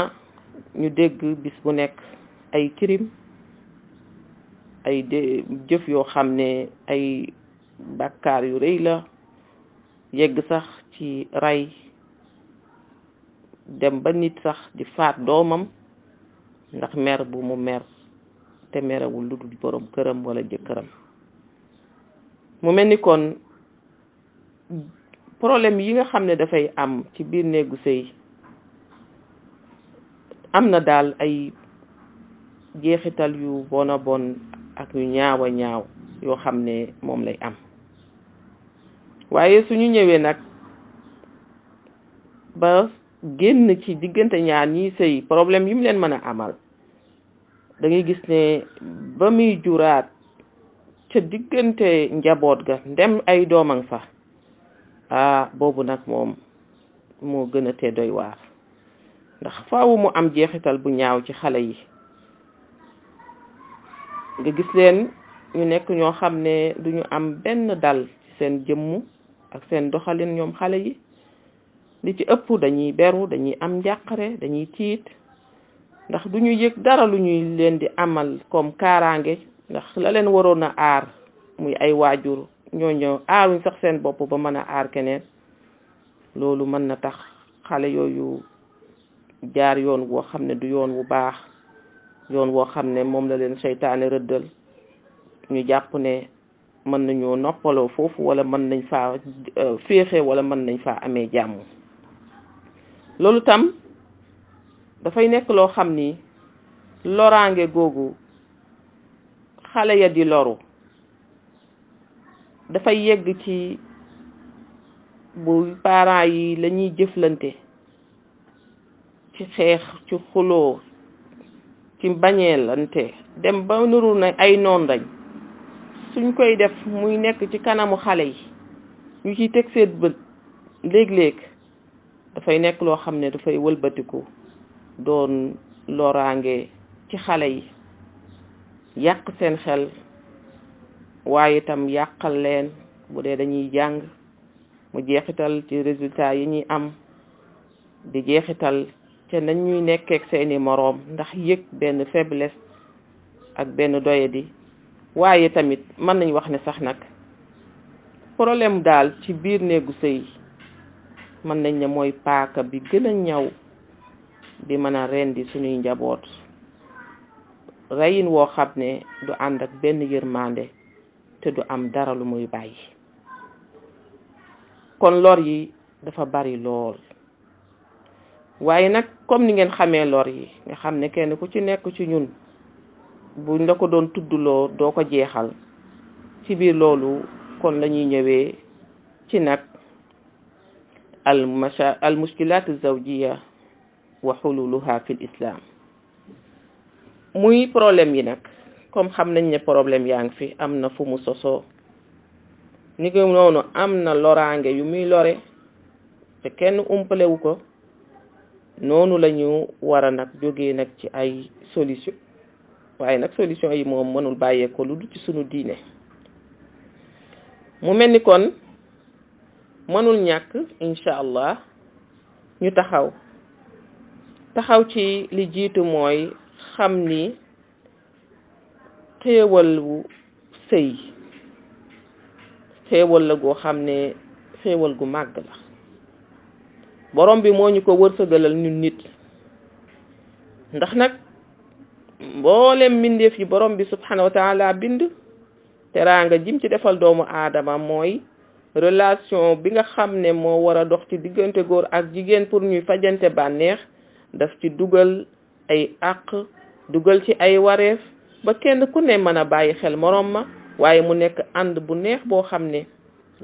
ñu dégg bis bu nekk ay crime ay de jëf yoo xam ne ay bàkkaar yu rëy la yegg sax ci ray dem ba nit sax di faat doomam ndax mer bu mu mer te merewul lu dul borom këram walla jëkkëram mu mel ni kon problème yi nga xam ne dafay am ci biir néegu sëy am na daal ay jeexital yu bon a bon ak yu ñaaw a ñaaw yoo xam ne moom lay am waaye suñu ñëwee nag ba génn ci diggante ñaar ñiy sëy problème yi mu leen mën a amal da gis ne ba muy juraat ca diggante njaboot ga ndem ay doomam sax ah boobu nag moom moo gën a te doy waar ndax faaw mu am jeexital bu ñaaw ci xale yi nga gis leen ñu nekk ñoo xam ne duñu am benn dal ci seen jëmmu ak seen doxalin ñoom xale yi li ci ëpp dañuy beru dañuy am njàqare dañuy tiit ndax duñu yëg dara lu ñuy leen di amal comme kaaraange ndax la leen waroon a aar muy ay waajur ñoo ñëw aaruñ sax seen bopp ba mën a aar keneen loolu mën na tax xale yooyu jaar yoon woo xam ne du yoon wu baax yoon woo xam ne moom la leen seytaane rëddal ñu jàpp ne mën nañoo noppaloo foofu walla mën nañ faa euh, féexe wala mën nañ faa amee jàmm loolu tam dafay nekk loo xam ni loraange googu xale ya di loru dafay yegg ci bu parents yi lañuy jëflante ci xeex ci xuloo ci bañeelante dem ba nuru na ay noon lañ suñ koy def muy nekk ci kanamu xale yi ñu ci teg seen bët léeg-léeg dafay nekk loo xam ne dafay wëlbatiku doon loraange ci xale yi yàq seen xel waaye itam yàqal leen bu dee dañuy jàng mu jeexital ci résultat yi ñuy am di jeexital ca nañ ñuy nekkeek seeni moroom ndax yëg benn faiblesse ak benn doyadi waaye tamit mën nañ wax ne sax nag problème daal ci biir néegu sëy mën nañ ne mooy paaka bi gën a ñaw di mën a rendi suñuy njaboot reyin woo xam ne du ànd ak benn yërmande te du am dara lu muy bàyyi kon lor yi dafa bari lool waaye nag comme ni ngeen xamee lor yi nga xam ne kenn ku ci nekk ci ñun buñ la ko doon tudd tuddloo doo ko jeexal ci biir loolu kon lañuy ñëwee ci nag al masha al mushkilat zawjiya wa xululuha fi l muy problème yi nag comme xam nañ ne problème yaa ngi fi am na fu mu sosoo ni ko noonu am na loraange yu muy lore te kenn umpalewu ko noonu la ñu war a nag jógee nag ci ay solution waaye nag solution yi moom mënul bàyyeekoo lu du ci sunu diine mu mel ni kon mënul ñàkk incha allah ñu taxaw taxaw ci li jiitu mooy xam ni xéewalu sëy xéewal la goo xam ne xéewal gu màgg la borom bi moo ñu ko wërsëgalal ñun nit ndax nag mboolem mbindeef yi borom bi subhanahu wa bind teraanga jim ci defal doomu aadama mooy relation bi nga xam ne moo war a dox ci diggante góor ak jigéen pour ñuy fajante bànneex daf ci dugal ay àq dugal ci ay wareef ba kenn ku ne mën a bàyyi xel moroom ma waaye mu nekk ànd bu neex boo xam ne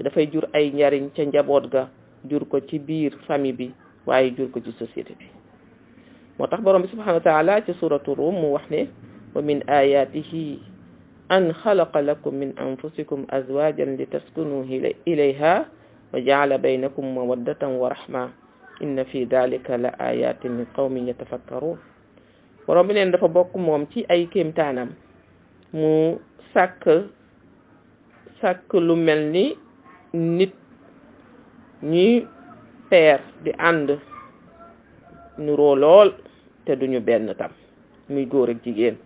dafay jur ay njariñ ca njaboot ga jur ko ci biir famille bi waaye jur ko ci société bi moo tax borom bi subhanahu wa taala mu wax ne wa min ayatihi an xalaqa lakum min anfusikum azwajan li taskunu ilayha wa jaala baynakum mawaddatan wa rahma inna fi dalika la ayatin li qawmin yatafakkarun borom bi dafa bokk moom ci ay kéemtaanam mu sàkk sàkk lu mel ni nit ñuy peer di ànd nuroo lool te duñu benn tam muy góor ak jigéen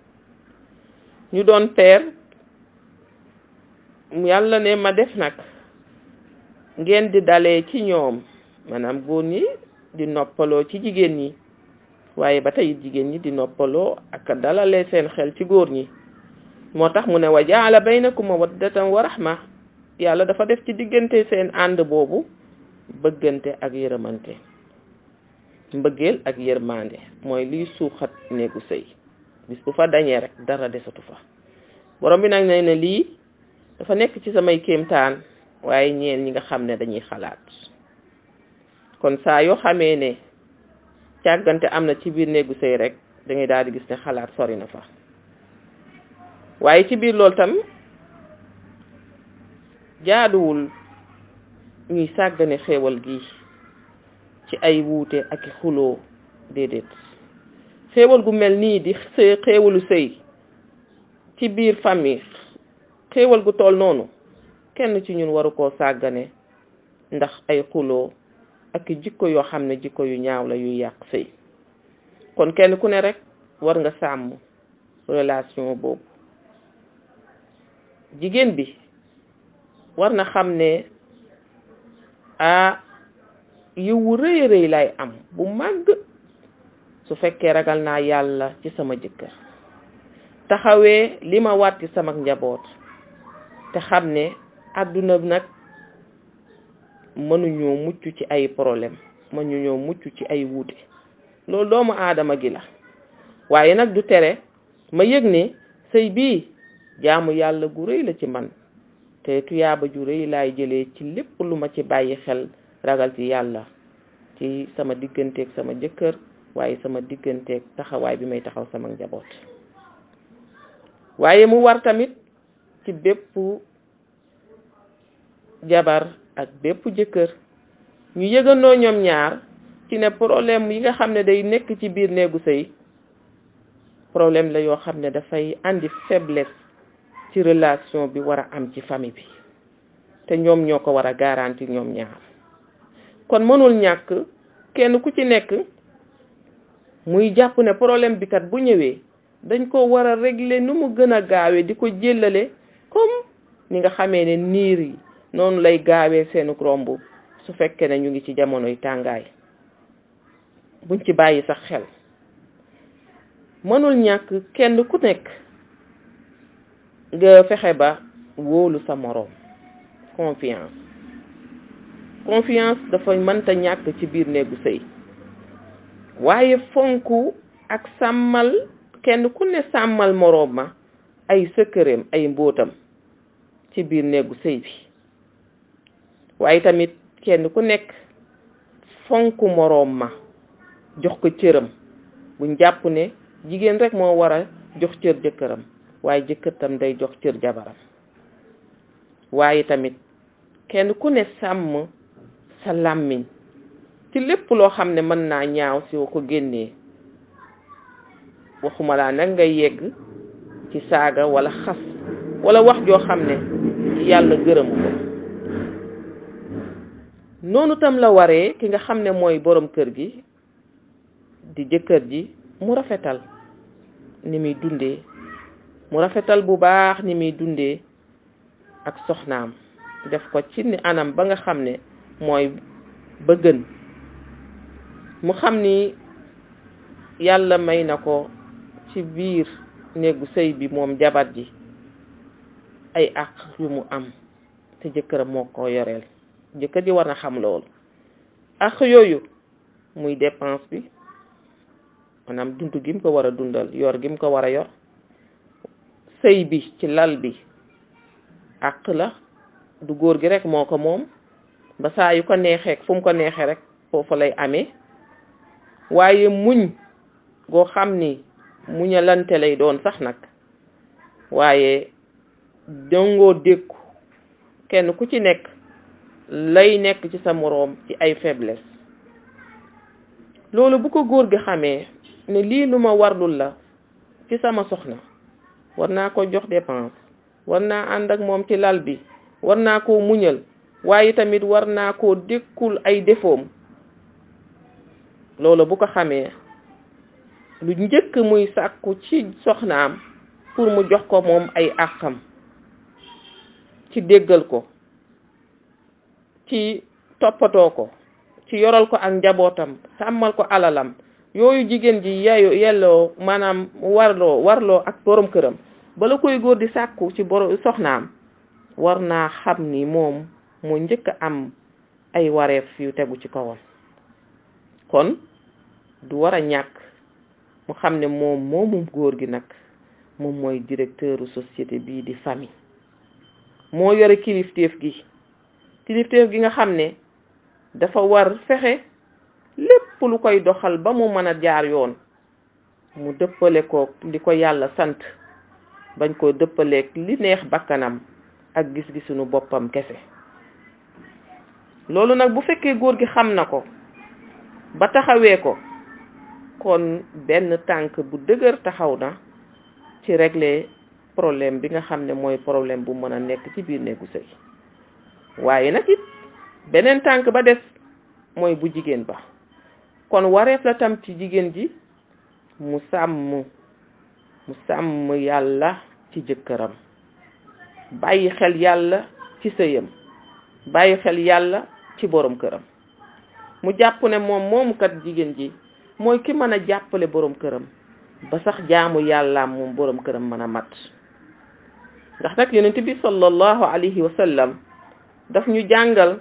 ñu doon peer yàlla ne ma def nag ngeen di dalee ci ñoom maanaam góor ñi di noppaloo ci jigéen ñi waaye ba tey jigéen ñi di noppaloo ak dalale seen xel ci góor ñi moo tax mu ne wa jaala baynakum mawaddatan wa ma yàlla dafa def ci diggante seen ànd boobu bëggante ak yërëmante mbëggeel ak yërmande mooy liy suuxat néegu sëy bis bu fa dañee rek dara desatu fa borom bi nag nee na lii dafa nekk ci samay kéemtaan waaye ñeen ñi nga xam ne dañuy xalaat kon saa yoo xamee ne càggante am na ci biir néegu sëy rekk da ngay daal di gis ne xalaat sori na fa waaye ci biir loolu tam jaaduwul ñuy sàggane xéewal gi ci ay wuute ak xuloo déedéet xéewal gu mel nii di sëy xéewalu sëy ci biir famille xéewal gu tool noonu kenn ci ñun waru koo sàggane ndax ay xuloo ak jikko yoo xam ne jikko yu ñaaw la yuy yàq sëy kon kenn ku ne rek war nga sàmm relation boobu jigéen bi war na xam ne ah yiwu rëy rëy lay am bu màgg su fekkee ragal naa yàlla ci sama jëkkër taxawee li ma wàtti sama njaboot te xam ne àdduna nag mënuñoo mucc ci ay problème mënuñoo mucc ci ay wuute loolu doomu aadama gi la waaye nag du tere ma yëg ne sëy bii jaamu yàlla gu rëy la ci man te tuyaaba ju rëy laay jëlee ci lépp lu ma ci bàyyi xel ragal ci yàlla ci sama digganteeg sama jëkkër waaye sama digganteeg taxawaay bi may taxaw sama njaboot waaye mu war tamit ci bépp jabar ak bépp jëkkër ñu yëgandoo ñoom ñaar ci ne problème yi nga xam ne day nekk ci biir néegu sëy problème la yoo xam ne dafay andi faiblesse ci relation bi war a am ci famille bi te ñoom ñoo ko war a garanti ñoom ñaar kon mënul ñàkk kenn ku ci nekk muy jàpp ne problème bi kat bu ñëwee dañ ko war a régler nu mu gën a gaawee di ko jëllale comme ni nga xamee ne niir yi noonu lay gaawee seenu romb su fekkee ne ñu ngi ci jamonoy tàngaay buñ ci bàyyi sax xel mënul ñàkk kenn ku nekk nga fexe ba wóolu sa moroom confiance confiance dafa mënta ñàkk ci biir néegu sëy waaye fonk ak sàmmal kenn ku ne sàmmal moroom ma ay sëkkëreem ay mbóotam ci biir néegu sëy bi waaye tamit kenn ku nekk fonk moroom ma jox ko cëram buñ jàpp ne jigéen rek moo war a jox cër jëkkëram waaye jëkkër day jox cër jabaram waaye tamit kenn ku ne sàmm sa làmmiñ ci lépp loo xam ne mën naa ñaaw si ko génnee waxuma laa nag ngay yegg ci saaga wala xas wala wax joo xam ne yàlla gërëm ko noonu tam la waree ki nga xam ne mooy boroom kër gi di jëkkër ji mu rafetal ni muy dundee mu rafetal bu baax ni muy dundee ak soxnaam def ko ci ni anam ba nga xam ne mooy ba gën mu xam ni yàlla may na ko ci biir néegu sëy bi moom jabar ji ay àq yu mu am te jëkkëram moo ko yoreel jëkkër ji war na xam loolu ak yooyu muy dépense bi manam dund gi mu ko war a dundal yor gi mu ko war a yor sëy bi ci lal bi àq la du góor gi rek moo ko moom ba yu ko neexee fu ko neexee rek foofu lay amee waaye muñ goo xam ni muñalante lay doon sax nag waaye dangoo dékku kenn ku ci nekk lay nekk ci sa moroom ci ay faiblesse loolu bu ko góor gi xamee ne lii lu ma warlul la ci sama soxna war naa ko jox dépense war naa ànd ak moom ci lal bi war naa ko muñal waaye tamit war naa koo dékkul ay defoom loolu bu ko xamee lu njëkk muy sàkku ci soxnaam pour mu jox ko moom ay àqam ci déggal ko ci toppatoo ko ci yoral ko ak njabootam sàmmal ko alalam yooyu jigéen ji yeyo yelloo maanaam warloo warloo ak borom këram bala koy góor di sàkku ci borom soxnaam war naa xam ni moom moo njëkk a am ay wareef yu tegu ci kawam kon du war a ñàkk mu xam ne moom moomu góor gi nag moom mooy directeur société bii di famille moo yore kilifteef gi kilifteef gi nga xam ne dafa war fexe lépp lu koy doxal ba mu mën a jaar yoon mu dëppale ko li ko yàlla sant bañ koo dëppaleek li neex bakkanam ak gis-gisunu boppam kese loolu nag bu fekkee góor gi xam na ko ba taxawee ko kon benn tànk bu dëgër taxaw na ci regle problème bi nga xam ne mooy problème bu mën a nekk ci biir néegu sëy waaye nag it beneen tànk ba des mooy bu jigéen ba kon wareef la tam ci jigéen ji mu sàmm mu sàmm yàlla ci jëkkëram bàyyi xel yàlla ci sëyam bàyyi xel yàlla ci borom këram mu jàpp ne moom moomu jigéen ji mooy ki mën a jàppale borom këram ba sax jaamu yàllaam moom borom këram mën a mat ndax nag yonent bi sallallahu alayhi wa daf ñu jàngal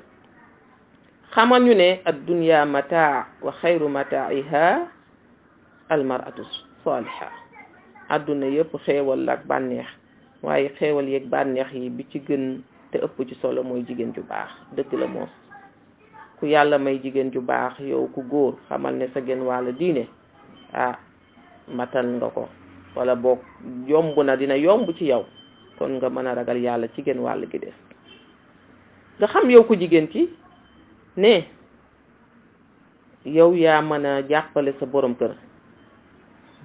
xamal ñu ne addunya mataa wa xayru mataiha almaratu saliha àdduna yëpp xéewal la ak bànneex waaye xewal yeeg bànneex yi bi ci gën te ëpp ci solo mooy jigéen ju baax dëgg la moos ku yàlla may jigéen ju baax yow ku góor xamal ne sa genn wàll diine ah matal nga ko wala boog yomb na dina yomb ci yow kon nga mën a ragal yàlla ci gen wàll gi des nga xam yow ko jigéen ki ne yow yaa mën a jàppale sa borom kër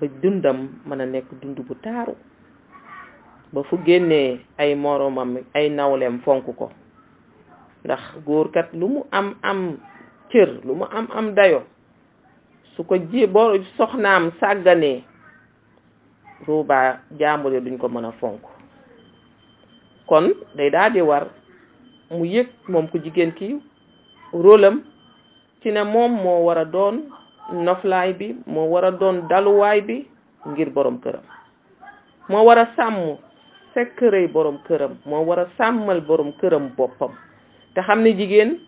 ba dundam mën a nekk dund bu taaru ba fu génnee ay moromam ay nawleem fonk ko ndax góor kat lu mu am am cër lu mu am am dayo su ko ji boo soxnaam sàgganee ruubaa jaambur duñ ko mën a fonk kon day daal di war mu yëg moom ku jigéen ki rôle ci ne moom moo war a doon noflaay bi moo war a doon daluwaay bi ngir borom këram moo war a sàmm secret borom këram moo war a sàmmal boroom këram boppam te xam ne jigéen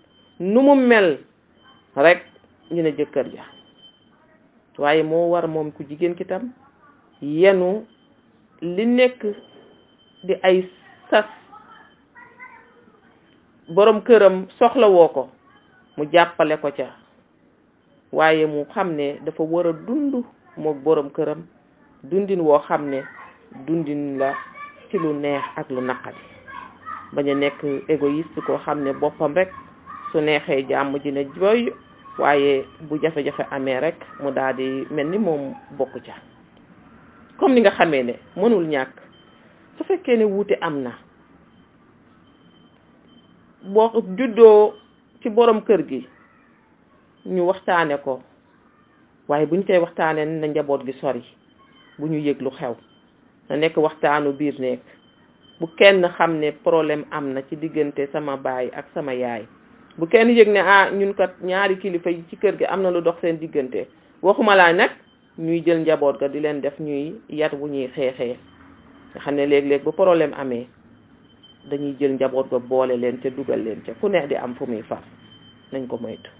nu mu mel rek ñu ne jëkkër ja waaye moo war moom ku jigéen ki tam yenu li nekk di ay sas borom këram soxlawoo ko mu jàppale ko ca waaye mu xam ne dafa war a dund mook boroom këram dundin woo xam ne dundin la ci lu neex ak lu naqari bañ a nekk égoïste koo xam ne boppam rek su neexee jàmm dina jooy waaye bu jafe-jafe amee rek mu daal di mel ni moom bokk ca comme ni nga xamee ne mënul ñàkk su fekkee ne wuute am na boo juddoo ci borom kër gi ñu waxtaane ko waaye bu ñu koy waxtaanee na njaboot gi sori bu ñu yëg lu xew na nekk waxtaanu biir nekk bu kenn xam ne problème am na ci diggante sama baay ak sama yaay bu kenn yëg ne ah ñun kat ñaari kilifa yi ci kër gi am na lu dox seen diggante waxuma laa nag ñuy jël njaboot ga di leen def ñuy yat wu ñuy xeexee nga xam ne léeg-léeg bu problème amee dañuy jël njaboot ba boole leen ca dugal leen ca ku neex di am fu muy far nañ ko moytu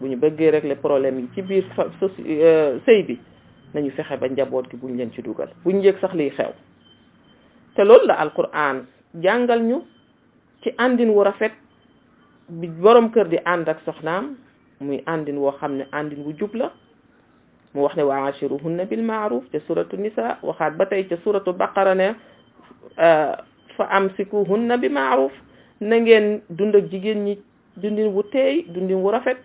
bu ñu bëggee régler problème yi ci biir fa euh, sëy bi nañu fexe ba njaboot gi buñ leen ci dugal buñ njëkk sax liy xew te loolu la alquran jàngal ñu ci àndin wu rafet bi boroom kër di ànd ak soxnaam muy àndin woo xam ne àndin wu jub la mu wax ne wa ashiruhunna bil maaruf ca suratu nisa waxaat ba tey ca suratu baqara ne euh, fa na bi maaruf na ngeen dund ak jigéen ñi dundin wu teey dundin wu rafet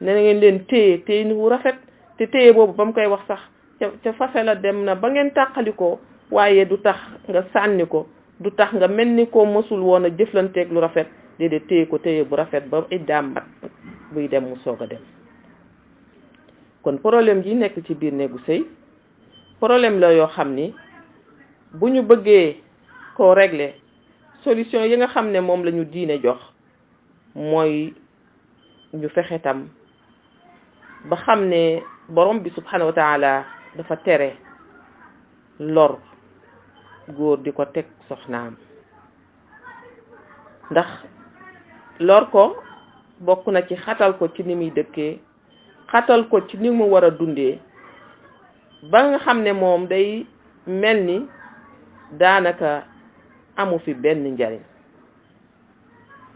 na ngeen leen téye téyin wu rafet te téye boobu ba mu koy wax sax ca ca fase la dem na ba ngeen tàqalikoo waaye du tax nga sànni ko du tax nga mel ni ko mësul woon a jëflanteek lu rafet déedéet téye ko téye bu rafet ba iddaam mat buy dem mu soog a dem kon problème yi nekk ci biir néegu sëy problème la yoo xam ni bu ñu bëggee koo régler solution yi nga xam ne moom lañu diine jox mooy ñu fexe tam ba xam ne boroom bi subhanahu wa dafa tere lor góor di ko teg soxnaam ndax lor ko bokk na ci xatal ko ci ni muy dëkkee xatal ko ci ni mu war a dundee ba nga xam ne moom day mel ni daanaka amu fi ben njariñ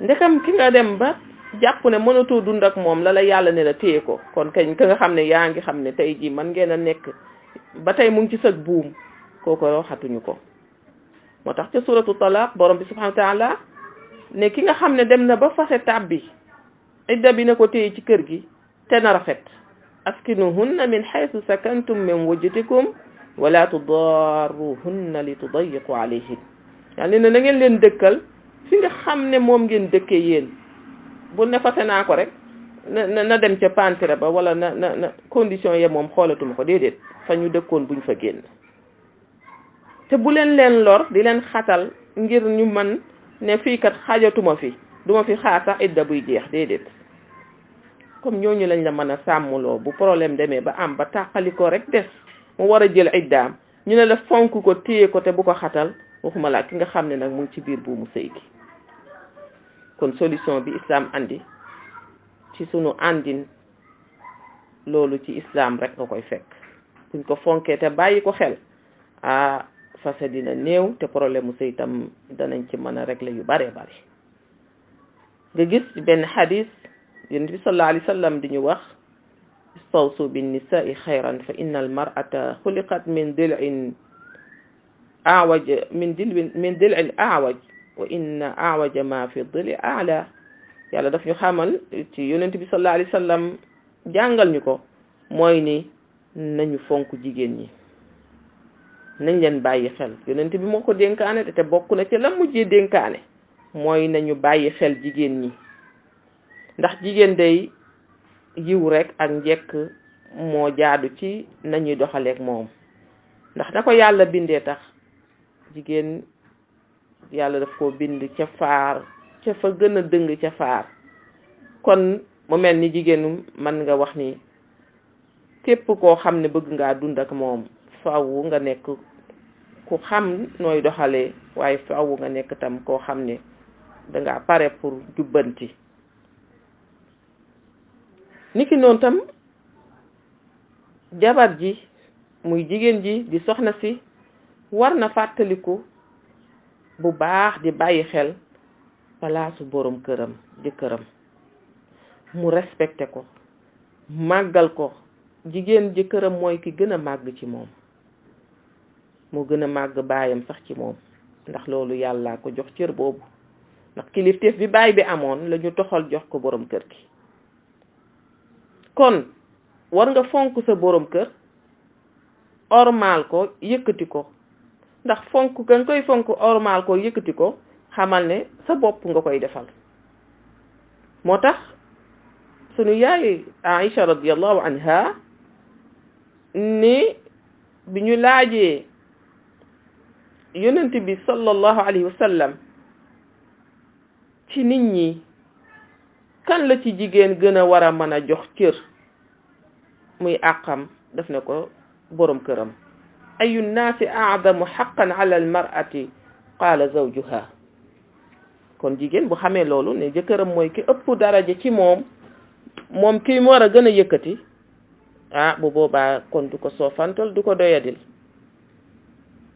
ndekam ki nga dem ba jàpp ne mënatoo dund ak mom la la yàlla ne la téye ko kon kañ ki nga xamne yaangi xamne tay ji man ngeena nek nekk ba tey mu ngi ci boom koko ro xatuñu ko motax ci suratu talaq borom bi subhanahu wa taala ne ki nga xamne dem na ba fase tàbbi idda bi ne ko téye ci kër gi te na rafet askinuhunna min haythu sakantum min wujdikum ولا تضاروهن لتضيقوا عليهن yàlla ne na ngeen leen dëkkal fi nga xam ne moom ngeen dëkkee yéen bu ne naa ko rek na na dem ca pantere ba wala na na na condition ye moom xoolatuma ko déedéet fa ñu dëkkoon buñ fa génn te bu leen leen lor di leen xatal ngir ñu man ne fii xajatuma fi duma fi xaar sax buy jeex déedéet comme ñooñu lañ la mën a sàmmloo bu problème demee ba am ba tàqali ko rek des mu war a jël iddaam ñu ne la fonk ko téye ko te bu ko xatal waxuma laa ki nga xam ne nag mu ci biir buumu sëy kon solution bi islam andi ci sunu àndin loolu ci islam rek nga koy fekk duñ ko fonkee te bàyyi ko xel ah fase dina néew te problème mu sëy tam danañ ci mën a régler yu baree bari nga gis ci benn xadis yonent bi sallallahu alayhi wa sallam di ñu wax istawsu bin nisaai xayran fa inna al mar'ata xuliqat min dilin awaja min dil min dil il awaj wa inna awaja ma fi dili ala yàlla daf ñu xamal ci yonent bi sallallahu alayhi wa sallam jàngal ñu ko mooy ni nañu fonk jigéen ñi nañ leen bàyyi xel yonent bi moo ko dénkaane te bokk na ci la mujjee dénkaane mooy nañu bàyyi xel jigéen ñi ndax jigéen day yiw rek ak njekk moo jaadu ci nañuy doxaleek moom ndax na ko yàlla bindee tax jigéen yàlla daf ko bind ca faar ca fa gën dëng ca faar kon mu mel ni jigéenu mën nga wax ni képp koo xam ne bëgg nga dund ak moom faaw nga nekk ku xam nooy doxalee waaye faaw nga nekk tam koo xam ne danga pare pour jubbanti niki noonu tam jabar ji muy jigéen ji di soxna si war na fàttaliku bu baax di bàyyi xel palaasu borom këram di këram mu respecté ko màggal ko jigéen jëkkëram mooy ki gën a màgg ci moom mu gën a màgg baayam sax ci moom ndax loolu yàllaa ko jox cër boobu ndax kilifteef bi baay bi amoon lañu toxal jox ko borom kër gi kon war nga fonk sa borom kër ormaal ko yëkkati ko ndax fonk gën koy fonk ormaal ko yëkkati ko xamal ne sa bopp nga koy defal moo tax sunu yaay Aïcha an anha ni bi ñu laajee yonent bi sallallahu alayhi wa ci nit ñi kan la ci jigéen gën a war a mën a jox cër muy àqam def na ko boroom këram ayu nnaasi aadamu xaqan ala almarati qaala zawjuha kon jigéen bu xamee loolu ne jëkkëram mooy ki ëpp daraja ci moom moom kii mu war a gën a yëkkati ah bu boobaa kon du ko soofantal du ko doyadil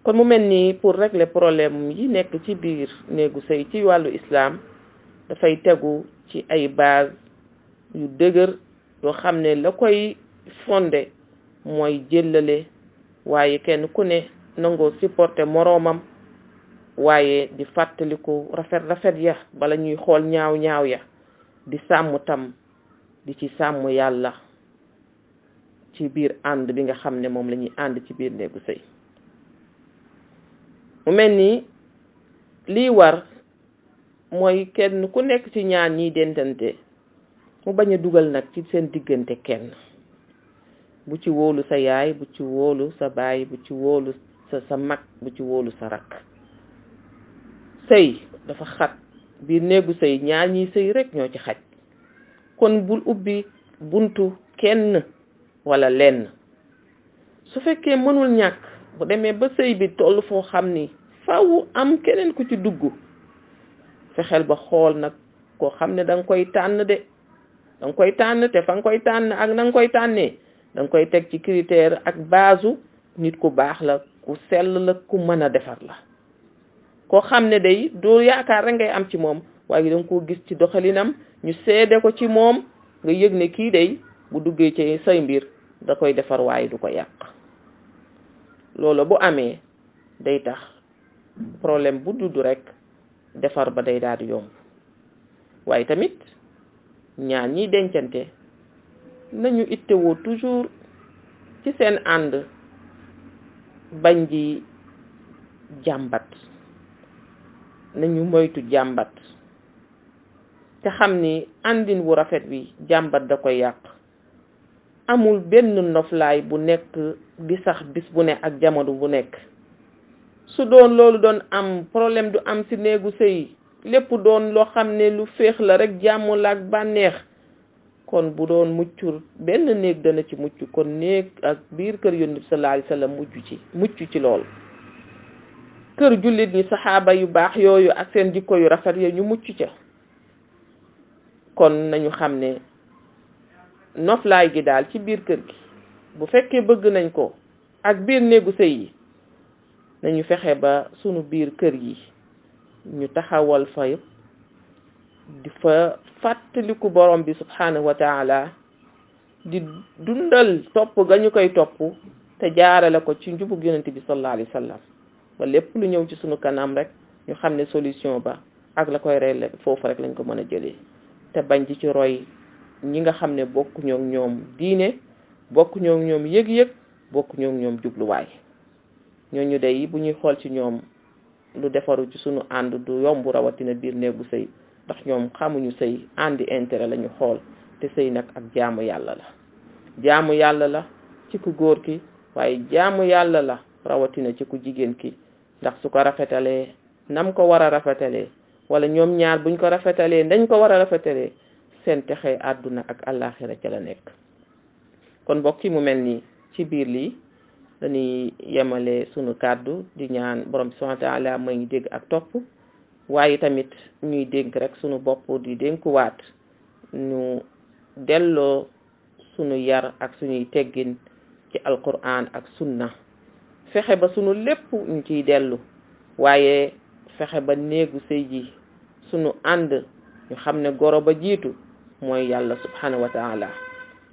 kon mu mel nii pour régler problème yi nekk ci biir néegu sëy ci wàllu islaam dafay tegu ci ay base yu dëgër yoo xam ne la koy fonde mooy jëllale waaye kenn ku ne nangoo supporter moroomam waaye di fàttaliku rafet rafet ya bala ñuy xool ñaaw ñaaw ya di sàmm tam di ci sàmm yàlla ci biir ànd bi nga xam ne moom lañuy ànd ci biir néegu sëy mu mel ni lii war mooy kenn ku nekk ci ñaar ñiy dentante mu bañ a dugal nag ci seen diggante kenn bu ci wóolu sa yaay bu ci wóolu sa baay bu ci wóolu sa sa mag bu ci wóolu sa rakk sëy dafa xat biir néegu sëy ñaar ñi sëy rek ñoo ci xaj kon bul ubbi buntu kenn wala lenn su fekkee mënul ñàkk bu demee ba sëy bi toll foo xam ni faw am keneen ku ci dugg fexeel ba xool nag koo xam ne danga koy tànn de danga koy tànn te fa koy tànn ak na nga koy tànnee da koy teg ci critère ak baasu nit ku baax la ku sell la ku mën a defar la koo xam ne day doo yaakaar rek ngay am ci moom waaye da koo gis ci doxalinam ñu seede ko ci moom nga yëg ne kii day bu duggee ci say mbir da koy defar waaye du ko yàq loolu bu amee day tax problème bu dudd rekk defar ba day daal di yomb waaye tamit ñaar ñiy dencante nañu ittewoo toujours ci seen ànd bañ di jàmbat nañu moytu jàmbat te xam ni àndin wu rafet bi jàmbat da ko yàq amul benn noflaay bu nekk di sax bis bu ne ak jamono bu nekk su doon loolu doon am problème du am ci néegu sëy lépp doon loo xam ne lu féex la rekk jàmm la ak bànneex kon bu doon muccu benn néeg dana ci mucc kon néeg ak biir kër yonent bi sallallahu mucc ci mucc ci lool kër jullit ñi saxaaba yu baax yooyu ak seen jikko yu rafet ya ñu mucc ca kon nañu xam ne noflaay gi daal ci biir kër gi bu fekkee bëgg nañ ko ak biir néegu sëy yi nañu fexe ba sunu biir kër yi ñu taxawal fa yëpp di fa fàttaliku borom bi subhanahu wa taala di dundal topp ga ñu koy topp te jaarale ko ci njubug yonent bi sallallahu alayhi wa ba lépp lu ñëw ci sunu kanam rek ñu xam ne solution ba ak la koy rey foofu rek lañ ko mën a jëlee te bañ di ci roy ñi nga xam ne bokkuñoo ak ñoom diine bokkuñoo ak ñoom yëg-yëg bokkuñoo ak ñoom jubluwaay ñooñu day bu ñuy xool ci ñoom lu defaru ci sunu ànd du yomb rawatina biir néegu sëy sax ñoom xamuñu sëy andi intérêt lañu xool te sëy nag ak jaamu yàlla la jaamu yàlla la ci ku góor ki waaye jaamu yàlla la rawatina ci ku jigéen ki ndax su ko rafetalee nam ko war a rafetalee wala ñoom ñaar buñ ko rafetalee dañ ko war a rafetalee seen texee àdduna ak àllaaxira ca la nekk kon bokk ci mu mel nii ci biir lii dañuy yemale sunu kàddu di ñaan borom subhaanahu wa may ñu dégg ak topp waaye tamit ñuy dénk rek sunu bopp di dénkuwaat ñu delloo sunu yar ak suñuy teggin ci alquran ak sunna fexe ba sunu lépp ñu ciy dellu waaye fexe ba néegu sëy ji sunu ànd ñu xam ne goro ba jiitu mooy yàlla subhanahu wa taala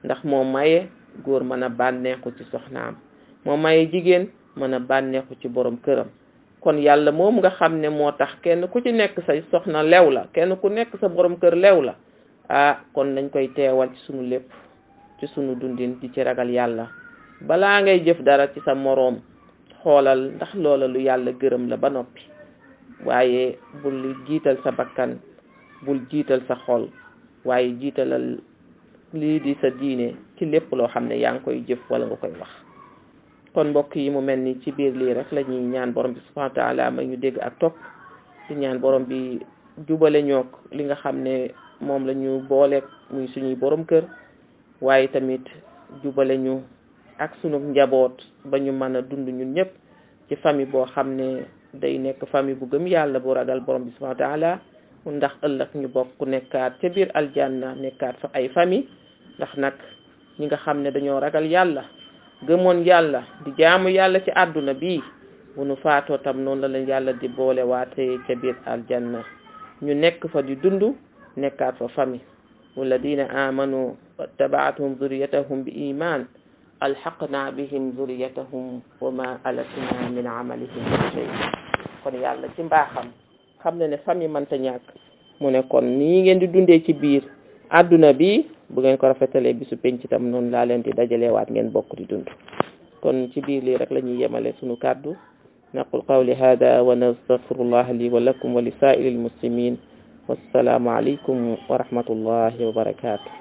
ndax moo maye góor mën a bànneexu ci soxnaam moo maye jigéen mën a bànneexu ci borom këram kon yàlla moom nga xam ne moo tax kenn ku ci nekk say soxna lew la kenn ku nekk sa borom kër lew la ah kon nañ koy teewal ci sunu lépp ci sunu dundin di ci ragal yàlla balaa ngay jëf dara ci sa moroom xoolal ndax loola lu yàlla gërëm la ba noppi waaye bul jiital sa bakkan bul jiital sa xol waaye jiitalal lii di sa diine ci lépp loo xam ne yaa ngi koy jëf walla nga koy wax kon mbokk yi mu mel ni ci biir lii rek lañuy ñaan borom bi subhanahu wa taala may ñu dégg ak topp di ñaan borom bi jubale ñook li nga xam ne moom la ñu booleeg muy suñuy borom kër waaye tamit jubale ñu ak sunu njaboot ba ñu mën a dund ñun ñëpp ci famille boo xam ne day nekk famille bu gëm yàlla bu ragal borom bi subhanahu wa taala ndax ëllëg ñu bokk nekkaat ca biir aljanna nekkaat fa ay famille ndax nag ñi nga xam ne dañoo ragal yàlla gëmoon yàlla di jaamu yàlla ci àdduna bi bu nu faatoo tam noonu la leen yàlla di boole waate ca biir aljanna ñu nekk fa di dund nekkaat fa famille diina amanu wattabaatuhum zuriyatahum bi iman alxaqna bihim zuriyatahum wa ma alatna min amalihim kon yàlla ci mbaaxam xam na ne famille mënta ñàkk mu ne kon nii ngeen di dundee ci biir àdduna bi bu ngeen ko rafetalee bisu penc tam noonu laa leen di dajaleewaat ngeen bokk di dund kon ci biir lii rek la ñuy yemale sunu kàddu naqul qawli hada wa nastaghfirullah li wa lakum wa li saa'ilil muslimin wassalaamu alaykum wa rahmatullahi wa barakaatu